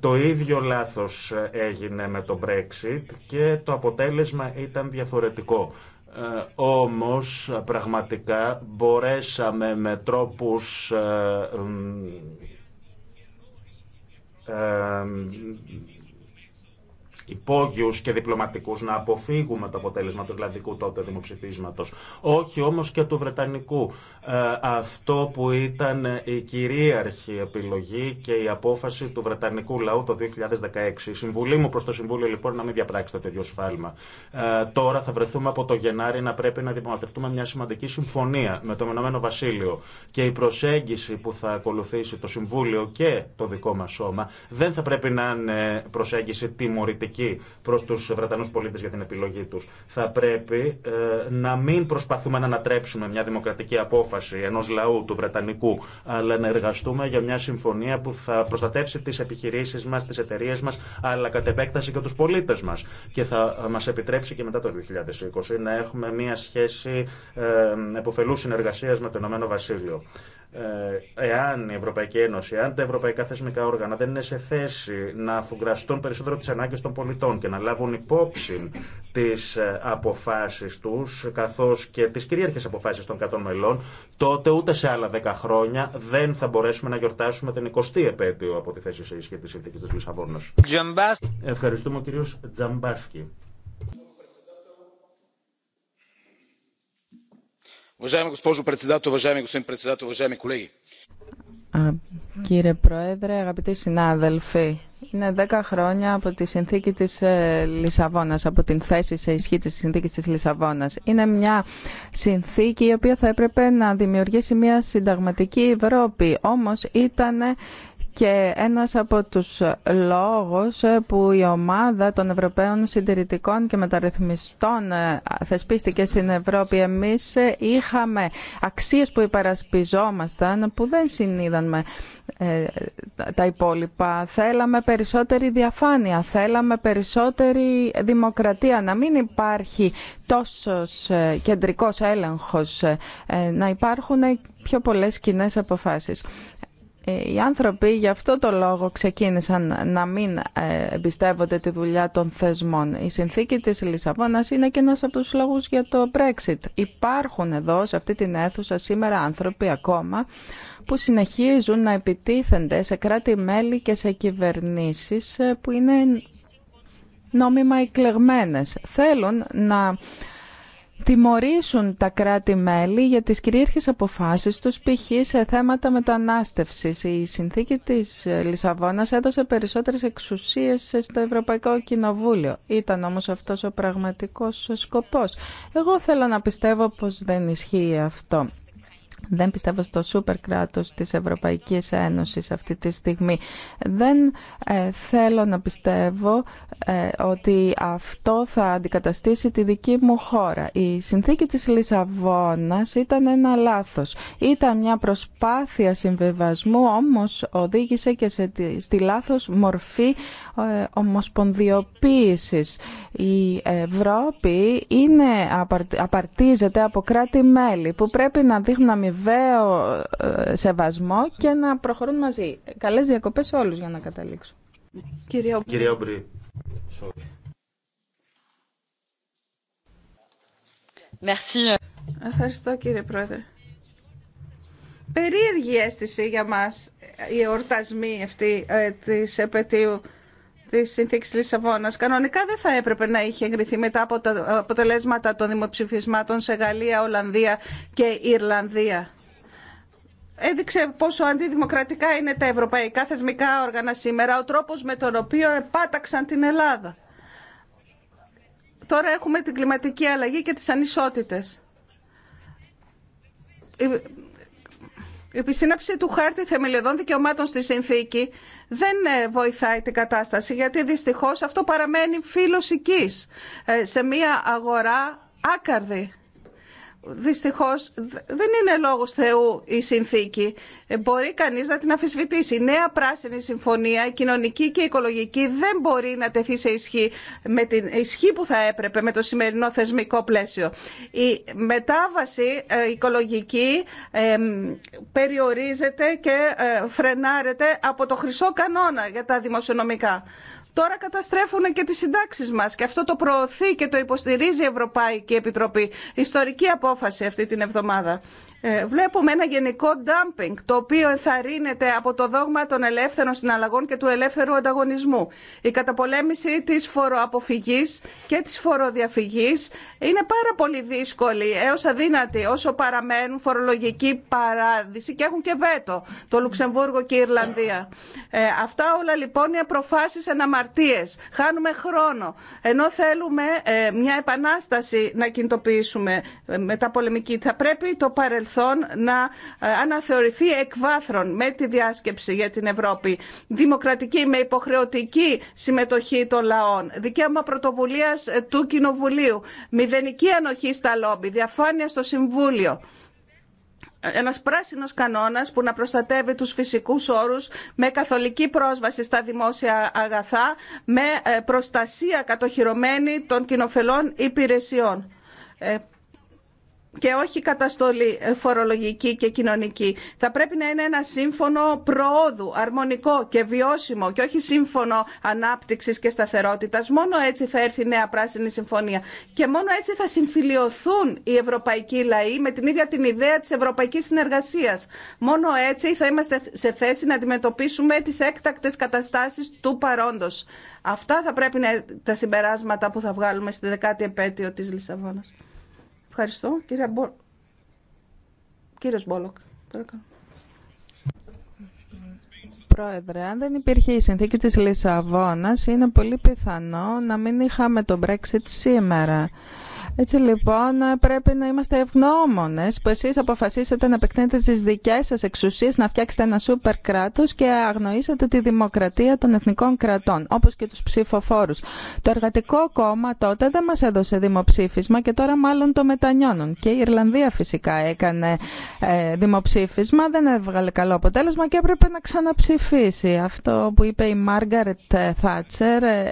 Το ίδιο λάθος ε, έγινε με το Brexit και το αποτέλεσμα ήταν διαφορετικό. Ε, όμως πραγματικά μπορέσαμε με τρόπους ε, ε, υπόγειου και διπλωματικού να αποφύγουμε το αποτέλεσμα του Ιρλανδικού τότε δημοψηφίσματο. Όχι όμω και του Βρετανικού. Ε, αυτό που ήταν η κυρίαρχη επιλογή και η απόφαση του Βρετανικού λαού το 2016. Η συμβουλή μου προ το Συμβούλιο λοιπόν να μην διαπράξετε τέτοιο σφάλμα. Ε, τώρα θα βρεθούμε από το Γενάρη να πρέπει να διαπραγματευτούμε μια σημαντική συμφωνία με το Ηνωμένο Βασίλειο. Και η προσέγγιση που θα ακολουθήσει το Συμβούλιο και το δικό μα σώμα δεν θα πρέπει να είναι προσέγγιση τιμωρητική κριτική προ του Βρετανού πολίτε για την επιλογή του. Θα πρέπει ε, να μην προσπαθούμε να ανατρέψουμε μια δημοκρατική απόφαση ενό λαού του Βρετανικού, αλλά να εργαστούμε για μια συμφωνία που θα προστατεύσει τι επιχειρήσει μα, τι εταιρείε μα, αλλά κατ' επέκταση και του πολίτε μα. Και θα ε, μα επιτρέψει και μετά το 2020 να έχουμε μια σχέση ε, εποφελού συνεργασία με το Ηνωμένο Βασίλειο. Ε, εάν η Ευρωπαϊκή Ένωση, εάν τα ευρωπαϊκά θεσμικά όργανα δεν είναι σε θέση να αφουγκραστούν περισσότερο τις ανάγκες των πολιτών και να λάβουν υπόψη τις ε, αποφάσεις τους καθώς και τις κυρίαρχες αποφάσεις των 100 μελών, τότε ούτε σε άλλα 10 χρόνια δεν θα μπορέσουμε να γιορτάσουμε την 20η επέτειο από τη θέση σε ισχύ της συνθήκης της Λισαβόνας. Ευχαριστούμε ο κύριος Τζαμπάσκι. госпожо господин Κύριε Πρόεδρε, αγαπητοί συνάδελφοι, είναι 10 χρόνια από τη συνθήκη της Λισαβόνας, από την θέση σε ισχύ της συνθήκης της Λισαβόνας. Είναι μια συνθήκη η οποία θα έπρεπε να δημιουργήσει μια συνταγματική Ευρώπη, όμως ήταν και ένας από τους λόγους που η ομάδα των Ευρωπαίων Συντηρητικών και Μεταρρυθμιστών ε, θεσπίστηκε στην Ευρώπη εμείς ε, είχαμε αξίες που υπερασπιζόμασταν που δεν συνείδαμε ε, τα υπόλοιπα. Θέλαμε περισσότερη διαφάνεια, θέλαμε περισσότερη δημοκρατία, να μην υπάρχει τόσος κεντρικός έλεγχος, να υπάρχουν πιο πολλές κοινέ αποφάσεις. Ε, οι άνθρωποι γι' αυτό το λόγο ξεκίνησαν να μην ε, εμπιστεύονται τη δουλειά των θεσμών. Η συνθήκη της Λισαβόνας είναι και ένας από τους λόγους για το Brexit. Υπάρχουν εδώ σε αυτή την αίθουσα σήμερα άνθρωποι ακόμα που συνεχίζουν να επιτίθενται σε κράτη-μέλη και σε κυβερνήσεις ε, που είναι νόμιμα εκλεγμένες. Θέλουν να τιμωρήσουν τα κράτη-μέλη για τις κυρίαρχες αποφάσεις τους π.χ. σε θέματα μετανάστευσης. Η συνθήκη της Λισαβόνας έδωσε περισσότερες εξουσίες στο Ευρωπαϊκό Κοινοβούλιο. Ήταν όμως αυτός ο πραγματικός σκοπός. Εγώ θέλω να πιστεύω πως δεν ισχύει αυτό. Δεν πιστεύω στο σούπερ κράτος της Ευρωπαϊκής Ένωσης αυτή τη στιγμή. Δεν ε, θέλω να πιστεύω ε, ότι αυτό θα αντικαταστήσει τη δική μου χώρα. Η συνθήκη της Λισαβόνας ήταν ένα λάθος. Ήταν μια προσπάθεια συμβιβασμού, όμως οδήγησε και σε, στη λάθος μορφή ε, ομοσπονδιοποίησης. Η Ευρώπη είναι, απαρτίζεται από κράτη-μέλη που πρέπει να δείχνουν αμοιβαίο ε, σεβασμό και να προχωρούν μαζί. Καλές διακοπές σε όλους για να καταλήξω. Κυρία Ομπρή. Ευχαριστώ κύριε Πρόεδρε. Περίεργη αίσθηση για μας η ε, εορτασμή αυτή ε, της επαιτίου τη συνθήκη Λισαβόνα. Κανονικά δεν θα έπρεπε να είχε εγκριθεί μετά από τα αποτελέσματα των δημοψηφισμάτων σε Γαλλία, Ολλανδία και Ιρλανδία. Έδειξε πόσο αντιδημοκρατικά είναι τα ευρωπαϊκά θεσμικά όργανα σήμερα, ο τρόπος με τον οποίο επάταξαν την Ελλάδα. Τώρα έχουμε την κλιματική αλλαγή και τις ανισότητες η επισύναψη του χάρτη θεμελιωδών δικαιωμάτων στη συνθήκη δεν ε, βοηθάει την κατάσταση, γιατί δυστυχώς αυτό παραμένει φιλοσικής ε, σε μια αγορά άκαρδη δυστυχώς δεν είναι λόγος Θεού η συνθήκη. Μπορεί κανείς να την αφισβητήσει. Η νέα πράσινη συμφωνία, η κοινωνική και η οικολογική, δεν μπορεί να τεθεί σε ισχύ με την ισχύ που θα έπρεπε με το σημερινό θεσμικό πλαίσιο. Η μετάβαση ε, οικολογική περιορίζεται και ε, φρενάρεται από το χρυσό κανόνα για τα δημοσιονομικά. Τώρα καταστρέφουν και τις συντάξεις μας και αυτό το προωθεί και το υποστηρίζει η Ευρωπαϊκή Επιτροπή. Ιστορική απόφαση αυτή την εβδομάδα. Ε, βλέπουμε ένα γενικό dumping, το οποίο ενθαρρύνεται από το δόγμα των ελεύθερων συναλλαγών και του ελεύθερου ανταγωνισμού. Η καταπολέμηση της φοροαποφυγής και της φοροδιαφυγής είναι πάρα πολύ δύσκολη έως αδύνατη όσο παραμένουν φορολογική παράδειση και έχουν και βέτο το Λουξεμβούργο και η Ιρλανδία. Ε, αυτά όλα λοιπόν είναι προφάσεις αναμαρτίες. Χάνουμε χρόνο. Ενώ θέλουμε ε, μια επανάσταση να κινητοποιήσουμε ε, μεταπολεμική. Θα πρέπει το παρελθόν παρελθόν να ε, αναθεωρηθεί εκ βάθρων με τη διάσκεψη για την Ευρώπη. Δημοκρατική με υποχρεωτική συμμετοχή των λαών. Δικαίωμα πρωτοβουλία ε, του Κοινοβουλίου. Μηδενική ανοχή στα λόμπι. Διαφάνεια στο Συμβούλιο Ένα πράσινο κανόνα που να προστατεύει του φυσικού όρου με καθολική πρόσβαση στα δημόσια αγαθά, με ε, προστασία κατοχυρωμένη των κοινοφελών υπηρεσιών και όχι καταστολή ε, φορολογική και κοινωνική. Θα πρέπει να είναι ένα σύμφωνο προόδου, αρμονικό και βιώσιμο και όχι σύμφωνο ανάπτυξη και σταθερότητα. Μόνο έτσι θα έρθει η νέα πράσινη συμφωνία και μόνο έτσι θα συμφιλειωθούν οι ευρωπαϊκοί λαοί με την ίδια την ιδέα τη Ευρωπαϊκή συνεργασία. Μόνο έτσι θα είμαστε σε θέση να αντιμετωπίσουμε τι έκτακτε καταστάσει του παρόντο. Αυτά θα πρέπει να είναι τα συμπεράσματα που θα βγάλουμε στη δεκάτη επέτειο τη Λισαβόνα. Ευχαριστώ. Κύριε Μπο... Κύριος Μπόλοκ. Παρακαλώ. Πρόεδρε, αν δεν υπήρχε η συνθήκη της Λισαβόνας, είναι πολύ πιθανό να μην είχαμε το Brexit σήμερα. Έτσι λοιπόν ε, πρέπει να είμαστε ευγνώμονες που εσείς αποφασίσατε να επεκτείνετε τις δικές σας εξουσίες να φτιάξετε ένα σούπερ κράτος και αγνοήσατε τη δημοκρατία των εθνικών κρατών όπως και τους ψηφοφόρους. Το εργατικό κόμμα τότε δεν μας έδωσε δημοψήφισμα και τώρα μάλλον το μετανιώνουν. Και η Ιρλανδία φυσικά έκανε ε, δημοψήφισμα, δεν έβγαλε καλό αποτέλεσμα και έπρεπε να ξαναψηφίσει. Αυτό που είπε η Μάργαρετ Θάτσερ ε,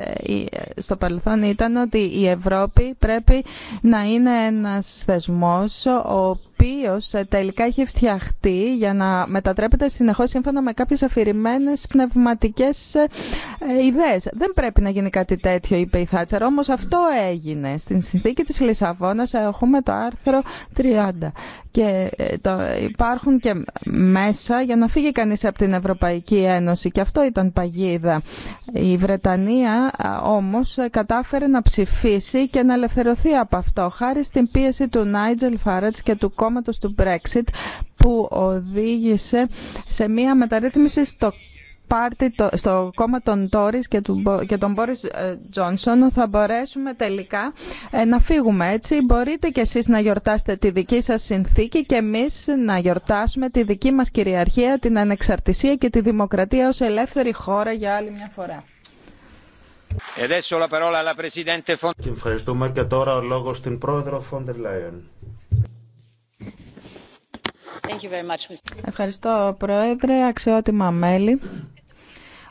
στο παρελθόν ήταν ότι η Ευρώπη πρέπει να είναι ένας θεσμός ο οποίο ε, τελικά έχει φτιαχτεί για να μετατρέπεται συνεχώ σύμφωνα με κάποιες αφηρημένε πνευματικές ε, ε, ιδέες. Δεν πρέπει να γίνει κάτι τέτοιο, είπε η Θάτσερ, όμως αυτό έγινε. Στην συνθήκη της Λισαβόνα έχουμε το άρθρο 30 και υπάρχουν και μέσα για να φύγει κανείς από την Ευρωπαϊκή Ένωση και αυτό ήταν παγίδα. Η Βρετανία όμω κατάφερε να ψηφίσει και να ελευθερωθεί από αυτό χάρη στην πίεση του και του του Brexit που οδήγησε σε μία μεταρρύθμιση στο πάρτι στο κόμμα των Τόρις και, και τον Μπόρις Τζόνσον θα μπορέσουμε τελικά ε, να φύγουμε έτσι. Μπορείτε κι εσείς να γιορτάσετε τη δική σας συνθήκη και εμείς να γιορτάσουμε τη δική μας κυριαρχία, την ανεξαρτησία και τη δημοκρατία ως ελεύθερη χώρα για άλλη μια φορά. Ε, και ευχαριστούμε και τώρα ο λόγος στην πρόεδρο Φόντερ Λάιον. Ευχαριστώ, Πρόεδρε, αξιότιμα μέλη.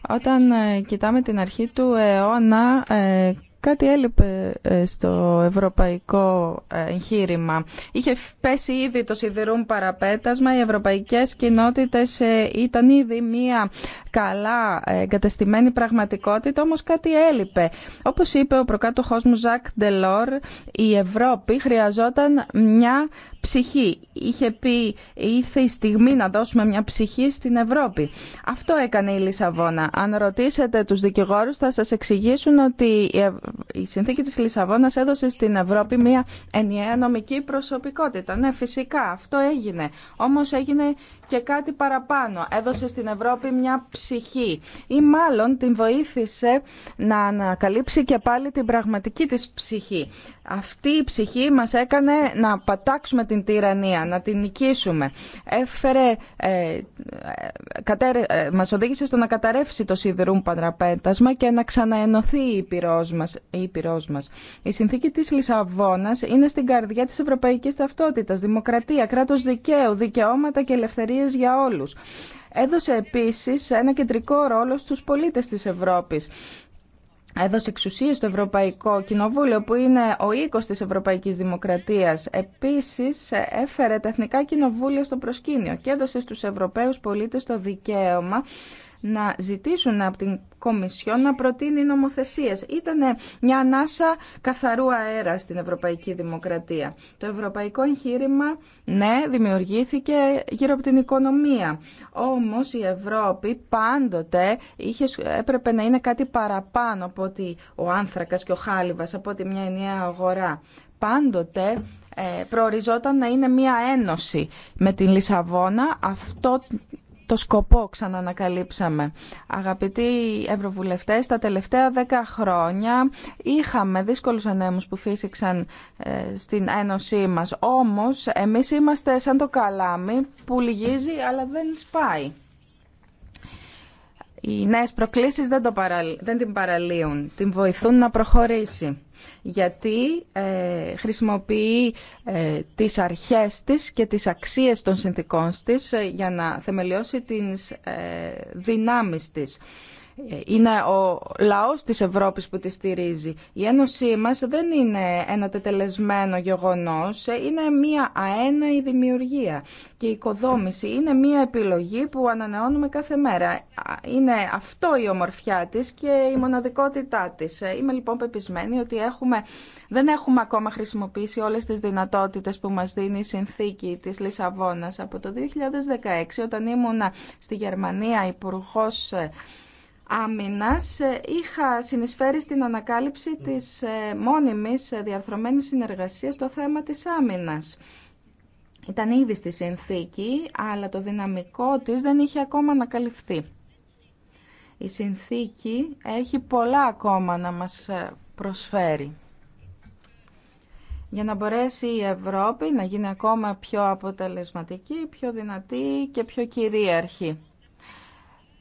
Όταν ε, κοιτάμε την αρχή του αιώνα, ε, Κάτι έλειπε ε, στο ευρωπαϊκό ε, εγχείρημα. Είχε πέσει ήδη το σιδηρούν παραπέτασμα. Οι ευρωπαϊκές κοινότητες ε, ήταν ήδη μία καλά εγκατεστημένη πραγματικότητα, όμως κάτι έλειπε. Όπως είπε ο προκάτοχός μου Ζακ Ντελόρ, η Ευρώπη χρειαζόταν μια ψυχή. Είχε πει ήρθε η στιγμή να δώσουμε μια ψυχή στην Ευρώπη. Αυτό έκανε η Λισαβόνα. Αν ρωτήσετε τους δικηγόρους θα σας εξηγήσουν ότι η συνθήκη της Λισαβόνας έδωσε στην Ευρώπη μια ενιαία νομική προσωπικότητα. Ναι, φυσικά, αυτό έγινε. Όμως έγινε και κάτι παραπάνω. Έδωσε στην Ευρώπη μια ψυχή ή μάλλον την βοήθησε να ανακαλύψει και πάλι την πραγματική της ψυχή. Αυτή η ψυχή μας έκανε να πατάξουμε την τυραννία, να την νικήσουμε. Έφερε, ε, ε, ε μας οδήγησε στο να καταρρεύσει το σιδηρούν παντραπέτασμα και να ξαναενωθεί η Ήπειρός μας. Η, η συνθήκη της Λισαβόνας είναι στην καρδιά της ευρωπαϊκής ταυτότητας, δημοκρατία, κράτος δικαίου, δικαιώματα και ελευθερίες για όλους. Έδωσε επίσης ένα κεντρικό ρόλο στους πολίτες της Ευρώπης. Έδωσε εξουσία στο Ευρωπαϊκό Κοινοβούλιο που είναι ο οίκο της Ευρωπαϊκής Δημοκρατίας. Επίσης έφερε τα Εθνικά Κοινοβούλια στο προσκήνιο και έδωσε στους Ευρωπαίους πολίτες το δικαίωμα να ζητήσουν από την Κομισιόν να προτείνει νομοθεσίες. Ήταν μια ανάσα καθαρού αέρα στην Ευρωπαϊκή Δημοκρατία. Το ευρωπαϊκό εγχείρημα, ναι, δημιουργήθηκε γύρω από την οικονομία. Όμως η Ευρώπη πάντοτε είχε, έπρεπε να είναι κάτι παραπάνω από ότι ο άνθρακας και ο χάλιβας, από ότι μια ενιαία αγορά. Πάντοτε ε, προοριζόταν να είναι μια ένωση. Με την Λισαβόνα αυτό το σκοπό ξανανακαλύψαμε. Αγαπητοί Ευρωβουλευτές, τα τελευταία δέκα χρόνια είχαμε δύσκολους ανέμους που φύσηξαν ε, στην Ένωσή μας. Όμως, εμείς είμαστε σαν το καλάμι που λυγίζει αλλά δεν σπάει. Οι νέες προκλήσεις δεν, δεν την παραλύουν, την βοηθούν να προχωρήσει. Γιατί ε, χρησιμοποιεί ε, τις αρχές της και τις αξίες των συνθήκων της ε, για να θεμελιώσει τις ε, δυνάμεις της είναι ο λαός της Ευρώπης που τη στηρίζει. Η ένωσή μας δεν είναι ένα τετελεσμένο γεγονός, είναι μία αέναη δημιουργία. Και η οικοδόμηση είναι μία επιλογή που ανανεώνουμε κάθε μέρα. Είναι αυτό η ομορφιά της και η μοναδικότητά της. Είμαι λοιπόν πεπισμένη ότι έχουμε, δεν έχουμε ακόμα χρησιμοποιήσει όλες τις δυνατότητες που μας δίνει η συνθήκη της Λισαβόνας. Από το 2016 όταν ήμουνα στη Γερμανία υπουργό ε, Άμυνας ε, είχα συνεισφέρει στην ανακάλυψη της ε, μόνιμης ε, διαρθρωμένης συνεργασίας στο θέμα της άμυνας. Ήταν ήδη στη συνθήκη, αλλά το δυναμικό της δεν είχε ακόμα ανακαλυφθεί. Η συνθήκη έχει πολλά ακόμα να μας προσφέρει. Για να μπορέσει η Ευρώπη να γίνει ακόμα πιο αποτελεσματική, πιο δυνατή και πιο κυρίαρχη.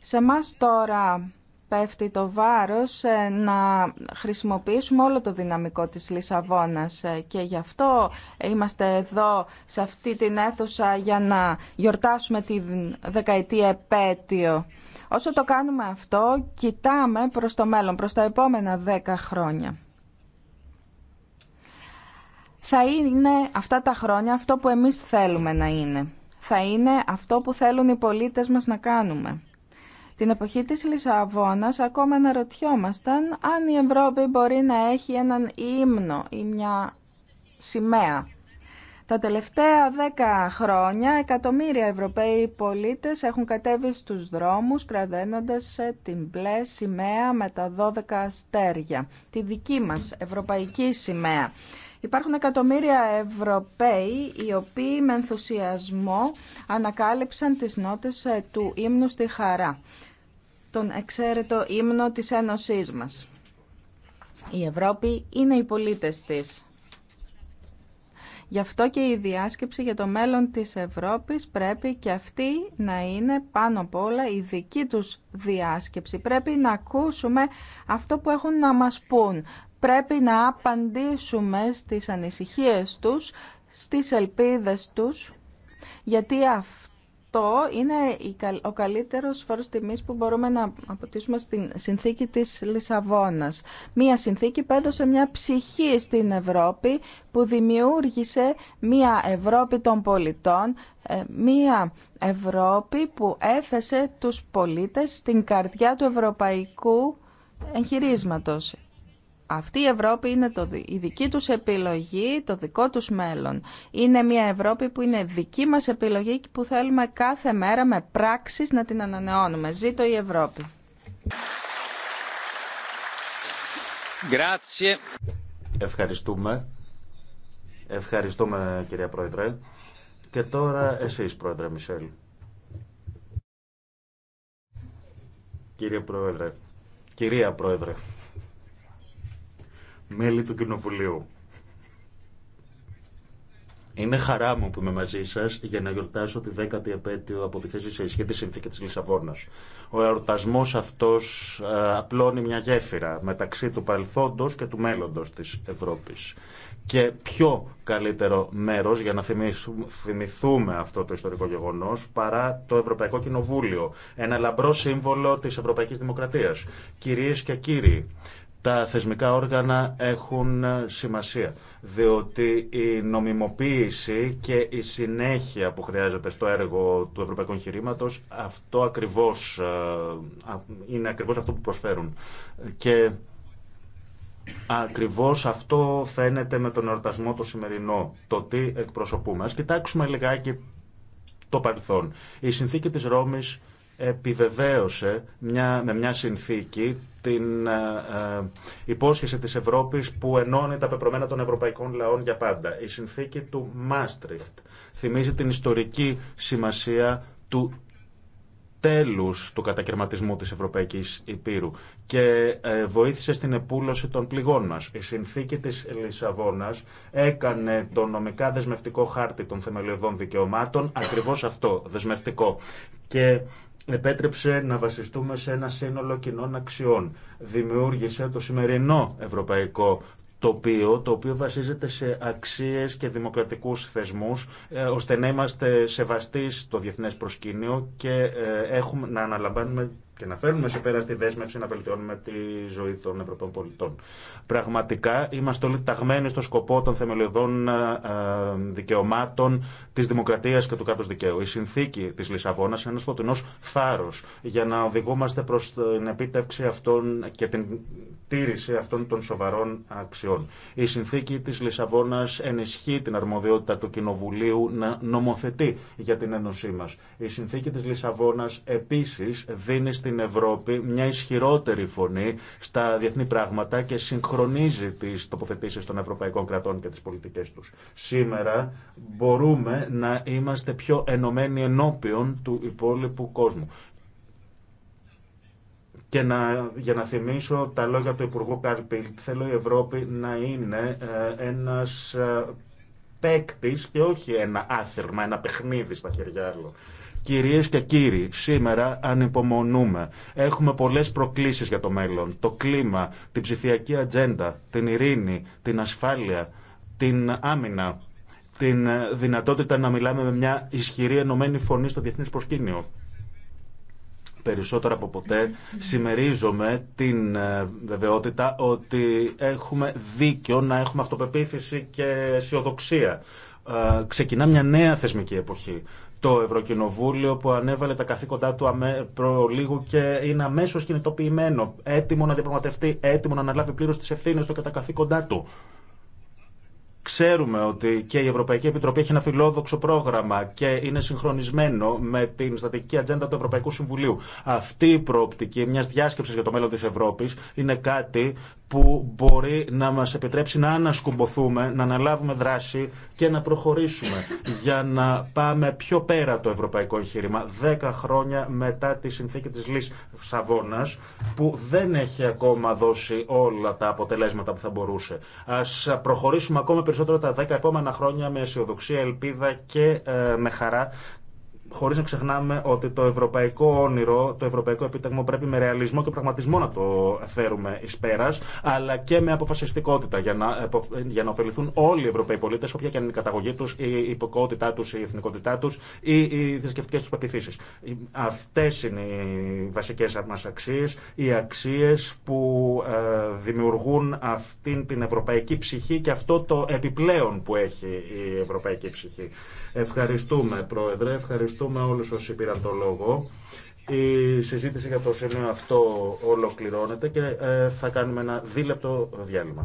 Σε εμά τώρα πέφτει το βάρος ε, να χρησιμοποιήσουμε όλο το δυναμικό της Λισαβόνας ε, και γι' αυτό είμαστε εδώ σε αυτή την αίθουσα για να γιορτάσουμε τη δεκαετία επέτειο. Όσο το κάνουμε αυτό, κοιτάμε προς το μέλλον, προς τα επόμενα δέκα χρόνια. Θα είναι αυτά τα χρόνια αυτό που εμείς θέλουμε να είναι. Θα είναι αυτό που θέλουν οι πολίτες μας να κάνουμε. Την εποχή της Λισαβόνας ακόμα αναρωτιόμασταν αν η Ευρώπη μπορεί να έχει έναν ύμνο ή μια σημαία. Τα τελευταία δέκα χρόνια εκατομμύρια Ευρωπαίοι πολίτες έχουν κατέβει στους δρόμους κραδένοντας την μπλε σημαία με τα 12 αστέρια, τη δική μας ευρωπαϊκή σημαία. Υπάρχουν εκατομμύρια Ευρωπαίοι οι οποίοι με ενθουσιασμό ανακάλυψαν τις νότες του ύμνου στη χαρά τον εξαίρετο ύμνο της Ένωσής μας. Η Ευρώπη είναι οι πολίτες της. Γι' αυτό και η διάσκεψη για το μέλλον της Ευρώπης πρέπει και αυτή να είναι πάνω απ' όλα η δική τους διάσκεψη. Πρέπει να ακούσουμε αυτό που έχουν να μας πούν. Πρέπει να απαντήσουμε στις ανησυχίες τους, στις ελπίδες τους, γιατί αυτό αυτό είναι ο καλύτερος φόρος τιμής που μπορούμε να αποτίσουμε στην συνθήκη της Λισαβόνας. Μία συνθήκη που έδωσε μια ψυχή στην Ευρώπη που δημιούργησε μία Ευρώπη των πολιτών, ε, μία Ευρώπη που έθεσε τους πολίτες στην καρδιά του ευρωπαϊκού εγχειρίσματος. Αυτή η Ευρώπη είναι το, η δική τους επιλογή, το δικό τους μέλλον. Είναι μια Ευρώπη που είναι δική μας επιλογή και που θέλουμε κάθε μέρα με πράξεις να την ανανεώνουμε. Ζήτω η Ευρώπη. Ευχαριστούμε. Ευχαριστούμε κυρία Πρόεδρε. Και τώρα εσείς Πρόεδρε Μισελ. Κύριε Πρόεδρε. Κυρία Πρόεδρε μέλη του Κοινοβουλίου. Είναι χαρά μου που είμαι μαζί σα για να γιορτάσω τη δέκατη επέτειο από τη θέση σε ισχύ τη συνθήκη τη Λισαβόνα. Ο εορτασμό αυτό ε, απλώνει μια γέφυρα μεταξύ του παρελθόντο και του μέλλοντο τη Ευρώπη. Και πιο καλύτερο μέρο για να θυμηθούμε αυτό το ιστορικό γεγονό παρά το Ευρωπαϊκό Κοινοβούλιο. Ένα λαμπρό σύμβολο τη Ευρωπαϊκή Δημοκρατία. Κυρίε και κύριοι, τα θεσμικά όργανα έχουν σημασία, διότι η νομιμοποίηση και η συνέχεια που χρειάζεται στο έργο του Ευρωπαϊκού εγχειρήματο, αυτό ακριβώς ε, είναι ακριβώς αυτό που προσφέρουν. Και Ακριβώς αυτό φαίνεται με τον εορτασμό το σημερινό, το τι εκπροσωπούμε. Α κοιτάξουμε λιγάκι το παρελθόν. Η συνθήκη της Ρώμης επιβεβαίωσε μια, με μια συνθήκη την ε, ε, υπόσχεση της Ευρώπης που ενώνει τα πεπρωμένα των ευρωπαϊκών λαών για πάντα. Η συνθήκη του Μάστριχτ θυμίζει την ιστορική σημασία του τέλους του κατακαιρματισμού της Ευρωπαϊκής Υπήρου και ε, βοήθησε στην επούλωση των πληγών μας. Η συνθήκη της Λισαβόνας έκανε τον νομικά δεσμευτικό χάρτη των θεμελιωδών δικαιωμάτων ακριβώς αυτό, δεσμευτικό επέτρεψε να βασιστούμε σε ένα σύνολο κοινών αξιών. Δημιούργησε το σημερινό ευρωπαϊκό τοπίο, το οποίο βασίζεται σε αξίες και δημοκρατικούς θεσμούς, ε, ώστε να είμαστε σεβαστοί στο διεθνές προσκήνιο και ε, έχουμε, να αναλαμβάνουμε και να φέρνουμε σε πέρα στη δέσμευση να βελτιώνουμε τη ζωή των Ευρωπαίων πολιτών. Πραγματικά είμαστε όλοι ταγμένοι στο σκοπό των θεμελιωδών ε, ε, δικαιωμάτων τη δημοκρατία και του κράτου δικαίου. Η συνθήκη τη Λισαβόνα είναι ένα φωτεινό φάρο για να οδηγούμαστε προ την επίτευξη αυτών και την τήρηση αυτών των σοβαρών αξιών. Η συνθήκη τη Λισαβόνα ενισχύει την αρμοδιότητα του Κοινοβουλίου να νομοθετεί για την Ένωσή μα. Η συνθήκη τη Λισαβόνα επίση δίνει στην Ευρώπη μια ισχυρότερη φωνή στα διεθνή πράγματα και συγχρονίζει τι τοποθετήσει των ευρωπαϊκών κρατών και τι πολιτικέ του. Σήμερα μπορούμε να είμαστε πιο ενωμένοι ενώπιον του υπόλοιπου κόσμου. Και να, για να θυμίσω τα λόγια του Υπουργού Καρπίλτ, θέλω η Ευρώπη να είναι ε, ένας ε, παίκτη και όχι ένα άθυρμα, ένα παιχνίδι στα χέρια άλλων. Κυρίες και κύριοι, σήμερα ανυπομονούμε. Έχουμε πολλές προκλήσεις για το μέλλον. Το κλίμα, την ψηφιακή ατζέντα, την ειρήνη, την ασφάλεια, την άμυνα, την δυνατότητα να μιλάμε με μια ισχυρή ενωμένη φωνή στο διεθνές προσκήνιο περισσότερο από ποτέ συμμερίζομαι την ε, βεβαιότητα ότι έχουμε δίκιο να έχουμε αυτοπεποίθηση και αισιοδοξία. Ε, ξεκινά μια νέα θεσμική εποχή το Ευρωκοινοβούλιο που ανέβαλε τα καθήκοντά του προλίγου και είναι αμέσω κινητοποιημένο, έτοιμο να διαπραγματευτεί, έτοιμο να αναλάβει πλήρω τι ευθύνε του και τα καθήκοντά του. Ξέρουμε ότι και η Ευρωπαϊκή Επιτροπή έχει ένα φιλόδοξο πρόγραμμα και είναι συγχρονισμένο με την στατική ατζέντα του Ευρωπαϊκού Συμβουλίου. Αυτή η προοπτική μια διάσκεψη για το μέλλον τη Ευρώπη είναι κάτι που μπορεί να μας επιτρέψει να ανασκουμποθούμε, να αναλάβουμε δράση και να προχωρήσουμε για να πάμε πιο πέρα το ευρωπαϊκό εγχείρημα. Δέκα χρόνια μετά τη συνθήκη της Λης που δεν έχει ακόμα δώσει όλα τα αποτελέσματα που θα μπορούσε. Ας προχωρήσουμε ακόμα περισσότερο τα δέκα επόμενα χρόνια με αισιοδοξία, ελπίδα και ε, με χαρά χωρίς να ξεχνάμε ότι το ευρωπαϊκό όνειρο, το ευρωπαϊκό επίτευγμα πρέπει με ρεαλισμό και πραγματισμό να το φέρουμε εις πέρας, αλλά και με αποφασιστικότητα για να, για να ωφεληθούν όλοι οι Ευρωπαίοι πολίτες, όποια και αν είναι η καταγωγή τους, η υποκότητά τους, η εθνικότητά τους ή οι θρησκευτικέ τους πεπιθήσεις. Αυτές είναι οι βασικές μας αξίες, οι αξίες που ε, δημιουργούν αυτήν την ευρωπαϊκή ψυχή και αυτό το επιπλέον που έχει η ευρωπαϊκή ψυχή. Ευχαριστούμε, Πρόεδρε, ευχαριστούμε με όλους όσοι πήραν το λόγο. Η συζήτηση για το σημείο αυτό ολοκληρώνεται και ε, θα κάνουμε ένα δίλεπτο διάλειμμα.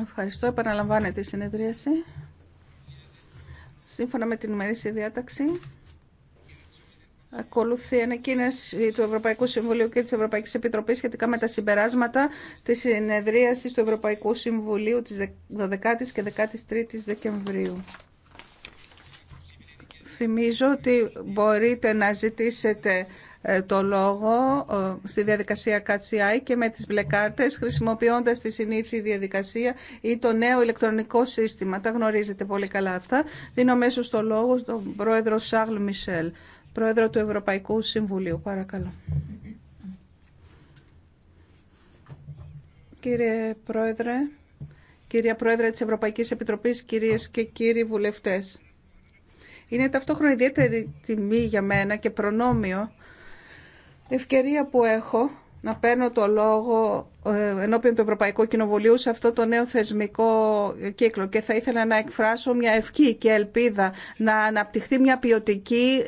Ευχαριστώ. Επαναλαμβάνεται η συνεδρίαση. Σύμφωνα με την ημερήσια διάταξη, ακολουθεί ανακοίνωση του Ευρωπαϊκού Συμβουλίου και της Ευρωπαϊκής Επιτροπής σχετικά με τα συμπεράσματα της συνεδρίασης του Ευρωπαϊκού Συμβουλίου της 12ης και 13ης Δεκεμβρίου. Θυμίζω ότι μπορείτε να ζητήσετε ε, το λόγο ε, στη διαδικασία ΚΑΤΣΙΑΙ και με τις μπλε κάρτες χρησιμοποιώντας τη συνήθη διαδικασία ή το νέο ηλεκτρονικό σύστημα. Τα γνωρίζετε πολύ καλά αυτά. Δίνω μέσω το λόγο στον πρόεδρο Σάγλ Μισελ, πρόεδρο του Ευρωπαϊκού Συμβουλίου. Παρακαλώ. Κύριε Πρόεδρε, κυρία Πρόεδρε της Ευρωπαϊκής Επιτροπής, κυρίες και κύριοι βουλευτές. Είναι ταυτόχρονα ιδιαίτερη τιμή για μένα και προνόμιο ευκαιρία που έχω να παίρνω το λόγο ε, ενώπιον του Ευρωπαϊκού Κοινοβουλίου σε αυτό το νέο θεσμικό κύκλο και θα ήθελα να εκφράσω μια ευκή και ελπίδα να αναπτυχθεί μια ποιοτική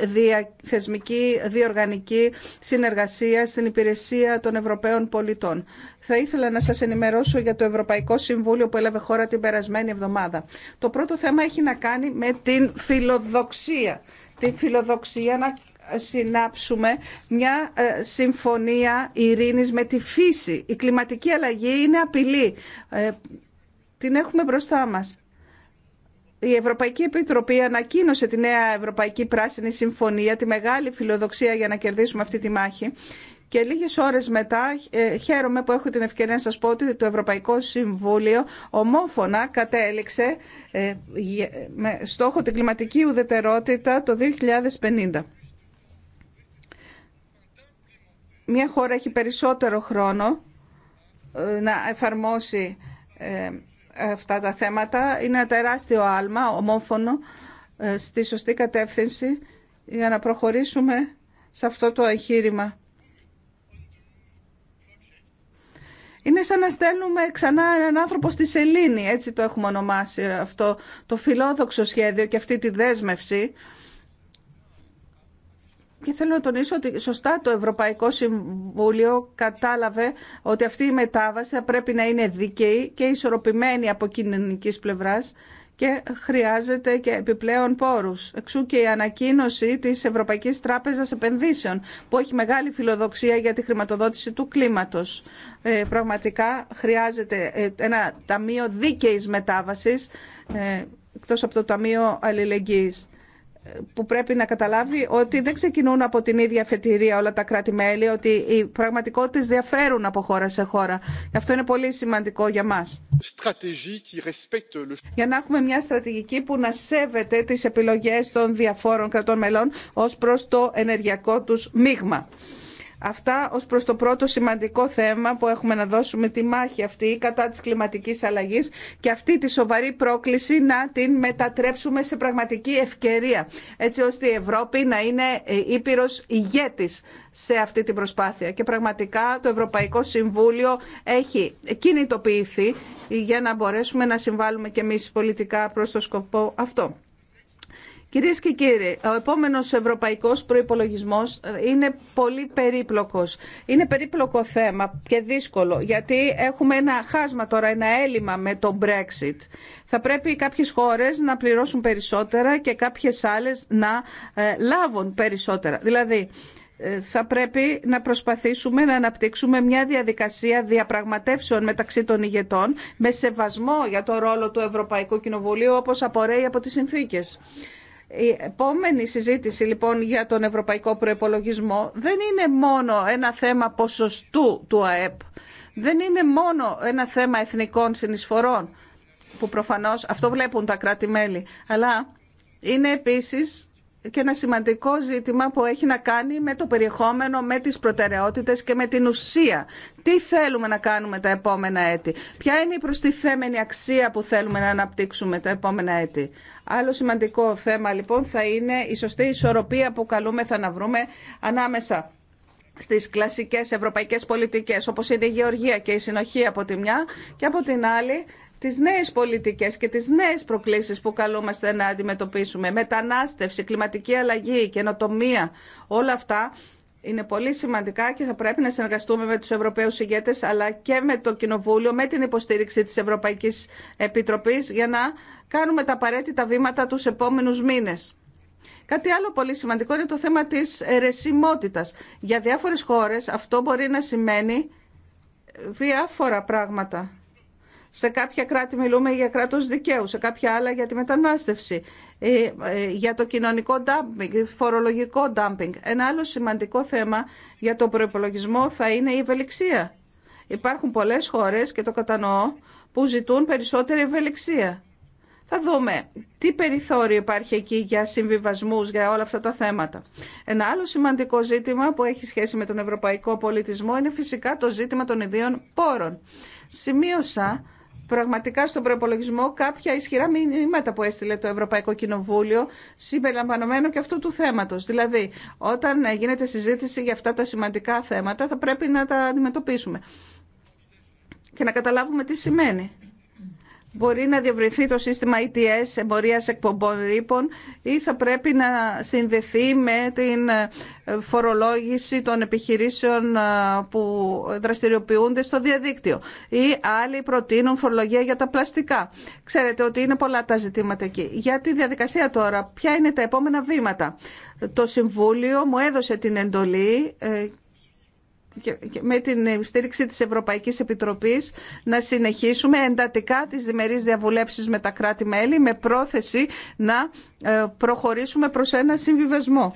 θεσμική διοργανική συνεργασία στην υπηρεσία των Ευρωπαίων πολιτών. Θα ήθελα να σας ενημερώσω για το Ευρωπαϊκό Συμβούλιο που έλαβε χώρα την περασμένη εβδομάδα. Το πρώτο θέμα έχει να κάνει με την φιλοδοξία. Την φιλοδοξία να συνάψουμε μια ε, συμφωνία ειρήνης με τη φύση. Η κλιματική αλλαγή είναι απειλή. Ε, την έχουμε μπροστά μας. Η Ευρωπαϊκή Επιτροπή ανακοίνωσε τη νέα Ευρωπαϊκή Πράσινη Συμφωνία, τη μεγάλη φιλοδοξία για να κερδίσουμε αυτή τη μάχη. Και λίγες ώρες μετά ε, χαίρομαι που έχω την ευκαιρία να σας πω ότι το Ευρωπαϊκό Συμβούλιο ομόφωνα κατέληξε με στόχο την κλιματική ουδετερότητα το 2050. μια χώρα έχει περισσότερο χρόνο ε, να εφαρμόσει ε, αυτά τα θέματα. Είναι ένα τεράστιο άλμα, ομόφωνο, ε, στη σωστή κατεύθυνση για να προχωρήσουμε σε αυτό το εγχείρημα. Είναι σαν να στέλνουμε ξανά έναν άνθρωπο στη σελήνη, έτσι το έχουμε ονομάσει αυτό το φιλόδοξο σχέδιο και αυτή τη δέσμευση και θέλω να τονίσω ότι σωστά το Ευρωπαϊκό Συμβούλιο κατάλαβε ότι αυτή η μετάβαση θα πρέπει να είναι δίκαιη και ισορροπημένη από κοινωνική πλευράς και χρειάζεται και επιπλέον πόρους. Εξού και η ανακοίνωση της Ευρωπαϊκής Τράπεζας Επενδύσεων που έχει μεγάλη φιλοδοξία για τη χρηματοδότηση του κλίματος. Ε, πραγματικά χρειάζεται ε, ένα ταμείο δίκαιης μετάβασης ε, εκτός από το Ταμείο Αλληλεγγύης που πρέπει να καταλάβει ότι δεν ξεκινούν από την ίδια αφετηρία όλα τα κράτη-μέλη, ότι οι πραγματικότητες διαφέρουν από χώρα σε χώρα. Και αυτό είναι πολύ σημαντικό για μας. Για να έχουμε μια στρατηγική που να σέβεται τις επιλογές των διαφόρων κρατών μελών ως προς το ενεργειακό τους μείγμα. Αυτά ως προς το πρώτο σημαντικό θέμα που έχουμε να δώσουμε τη μάχη αυτή κατά της κλιματικής αλλαγής και αυτή τη σοβαρή πρόκληση να την μετατρέψουμε σε πραγματική ευκαιρία έτσι ώστε η Ευρώπη να είναι ε, ήπειρος ηγέτης σε αυτή την προσπάθεια. Και πραγματικά το Ευρωπαϊκό Συμβούλιο έχει κινητοποιηθεί για να μπορέσουμε να συμβάλλουμε και εμείς πολιτικά προς το σκοπό αυτό. Κυρίε και κύριοι, ο επόμενο ευρωπαϊκό προπολογισμό είναι πολύ περίπλοκο. Είναι περίπλοκο θέμα και δύσκολο, γιατί έχουμε ένα χάσμα τώρα, ένα έλλειμμα με το Brexit. Θα πρέπει κάποιε χώρε να πληρώσουν περισσότερα και κάποιε άλλε να ε, λάβουν περισσότερα. Δηλαδή, ε, θα πρέπει να προσπαθήσουμε να αναπτύξουμε μια διαδικασία διαπραγματεύσεων μεταξύ των ηγετών με σεβασμό για το ρόλο του Ευρωπαϊκού Κοινοβουλίου όπως απορρέει από τις συνθήκες. Η επόμενη συζήτηση λοιπόν για τον ευρωπαϊκό Προεπολογισμό δεν είναι μόνο ένα θέμα ποσοστού του ΑΕΠ, δεν είναι μόνο ένα θέμα εθνικών συνεισφορών, που προφανώς αυτό βλέπουν τα κράτη-μέλη, αλλά είναι επίσης και ένα σημαντικό ζήτημα που έχει να κάνει με το περιεχόμενο, με τις προτεραιότητες και με την ουσία. Τι θέλουμε να κάνουμε τα επόμενα έτη. Ποια είναι η προστιθέμενη αξία που θέλουμε να αναπτύξουμε τα επόμενα έτη. Άλλο σημαντικό θέμα λοιπόν θα είναι η σωστή ισορροπία που θα να βρούμε ανάμεσα στις κλασικές ευρωπαϊκές πολιτικές όπως είναι η γεωργία και η συνοχή από τη μια και από την άλλη τις νέες πολιτικές και τις νέες προκλήσεις που καλούμαστε να αντιμετωπίσουμε μετανάστευση, κλιματική αλλαγή, καινοτομία όλα αυτά είναι πολύ σημαντικά και θα πρέπει να συνεργαστούμε με τους Ευρωπαίους ηγέτες αλλά και με το Κοινοβούλιο, με την υποστήριξη της Ευρωπαϊκής Επιτροπής για να κάνουμε τα απαραίτητα βήματα τους επόμενους μήνες. Κάτι άλλο πολύ σημαντικό είναι το θέμα της ρεσιμότητας. Για διάφορες χώρες αυτό μπορεί να σημαίνει διάφορα πράγματα. Σε κάποια κράτη μιλούμε για κράτος δικαίου, σε κάποια άλλα για τη μετανάστευση, ε, ε, για το κοινωνικό ντάμπινγκ, φορολογικό ντάμπινγκ. Ένα άλλο σημαντικό θέμα για τον προπολογισμό θα είναι η ευελιξία. Υπάρχουν πολλές χώρες, και το κατανοώ, που ζητούν περισσότερη ευελιξία. Θα δούμε τι περιθώριο υπάρχει εκεί για συμβιβασμούς, για όλα αυτά τα θέματα. Ένα άλλο σημαντικό ζήτημα που έχει σχέση με τον ευρωπαϊκό πολιτισμό είναι φυσικά το ζήτημα των ιδίων πόρων. Σημείωσα πραγματικά στον προπολογισμό κάποια ισχυρά μηνύματα που έστειλε το Ευρωπαϊκό Κοινοβούλιο, συμπεριλαμβανομένου και αυτού του θέματο. Δηλαδή, όταν γίνεται συζήτηση για αυτά τα σημαντικά θέματα, θα πρέπει να τα αντιμετωπίσουμε και να καταλάβουμε τι σημαίνει μπορεί να διευρυνθεί το σύστημα ETS εμπορίας εκπομπών ρήπων ή θα πρέπει να συνδεθεί με την ε, φορολόγηση των επιχειρήσεων ε, που δραστηριοποιούνται στο διαδίκτυο. Ή άλλοι προτείνουν φορολογία για τα πλαστικά. Ξέρετε ότι είναι πολλά τα ζητήματα εκεί. Για τη διαδικασία τώρα, ποια είναι τα επόμενα βήματα. Το Συμβούλιο μου έδωσε την εντολή ε, και με την στήριξη της Ευρωπαϊκής Επιτροπής να συνεχίσουμε εντατικά τις διμερείς διαβουλεύσεις με τα κράτη-μέλη με πρόθεση να ε, προχωρήσουμε προς ένα συμβιβασμό.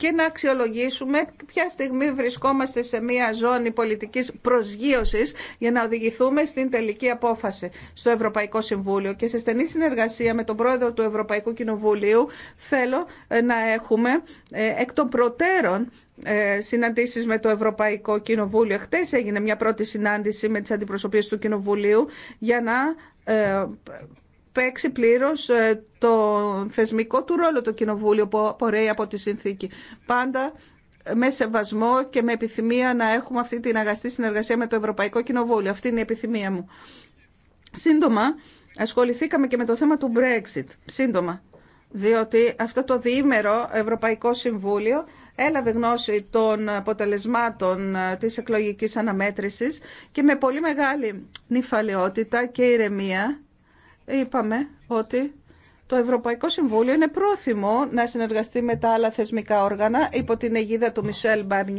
και να αξιολογήσουμε ποια στιγμή βρισκόμαστε σε μια ζώνη πολιτικής προσγείωσης για να οδηγηθούμε στην τελική απόφαση στο Ευρωπαϊκό Συμβούλιο και σε στενή συνεργασία με τον πρόεδρο του Ευρωπαϊκού Κοινοβουλίου θέλω ε, να έχουμε ε, εκ των προτέρων ε, συναντήσεις με το Ευρωπαϊκό Κοινοβούλιο. Χτες έγινε μια πρώτη συνάντηση με τις αντιπροσωπείες του Κοινοβουλίου για να παίξει πλήρως ε, το θεσμικό του ρόλο το Κοινοβούλιο που απορρέει από τη συνθήκη. Πάντα με σεβασμό και με επιθυμία να έχουμε αυτή την αγαστή συνεργασία με το Ευρωπαϊκό Κοινοβούλιο. Αυτή είναι η επιθυμία μου. Σύντομα, ασχοληθήκαμε και με το θέμα του Brexit. Σύντομα. Διότι αυτό το διήμερο Ευρωπαϊκό Συμβούλιο έλαβε γνώση των αποτελεσμάτων ε, της εκλογικής αναμέτρησης και με πολύ μεγάλη νυφαλαιότητα και ηρεμία είπαμε ότι το Ευρωπαϊκό Συμβούλιο είναι πρόθυμο να συνεργαστεί με τα άλλα θεσμικά όργανα υπό την αιγίδα του Μισελ Μπαρνιέ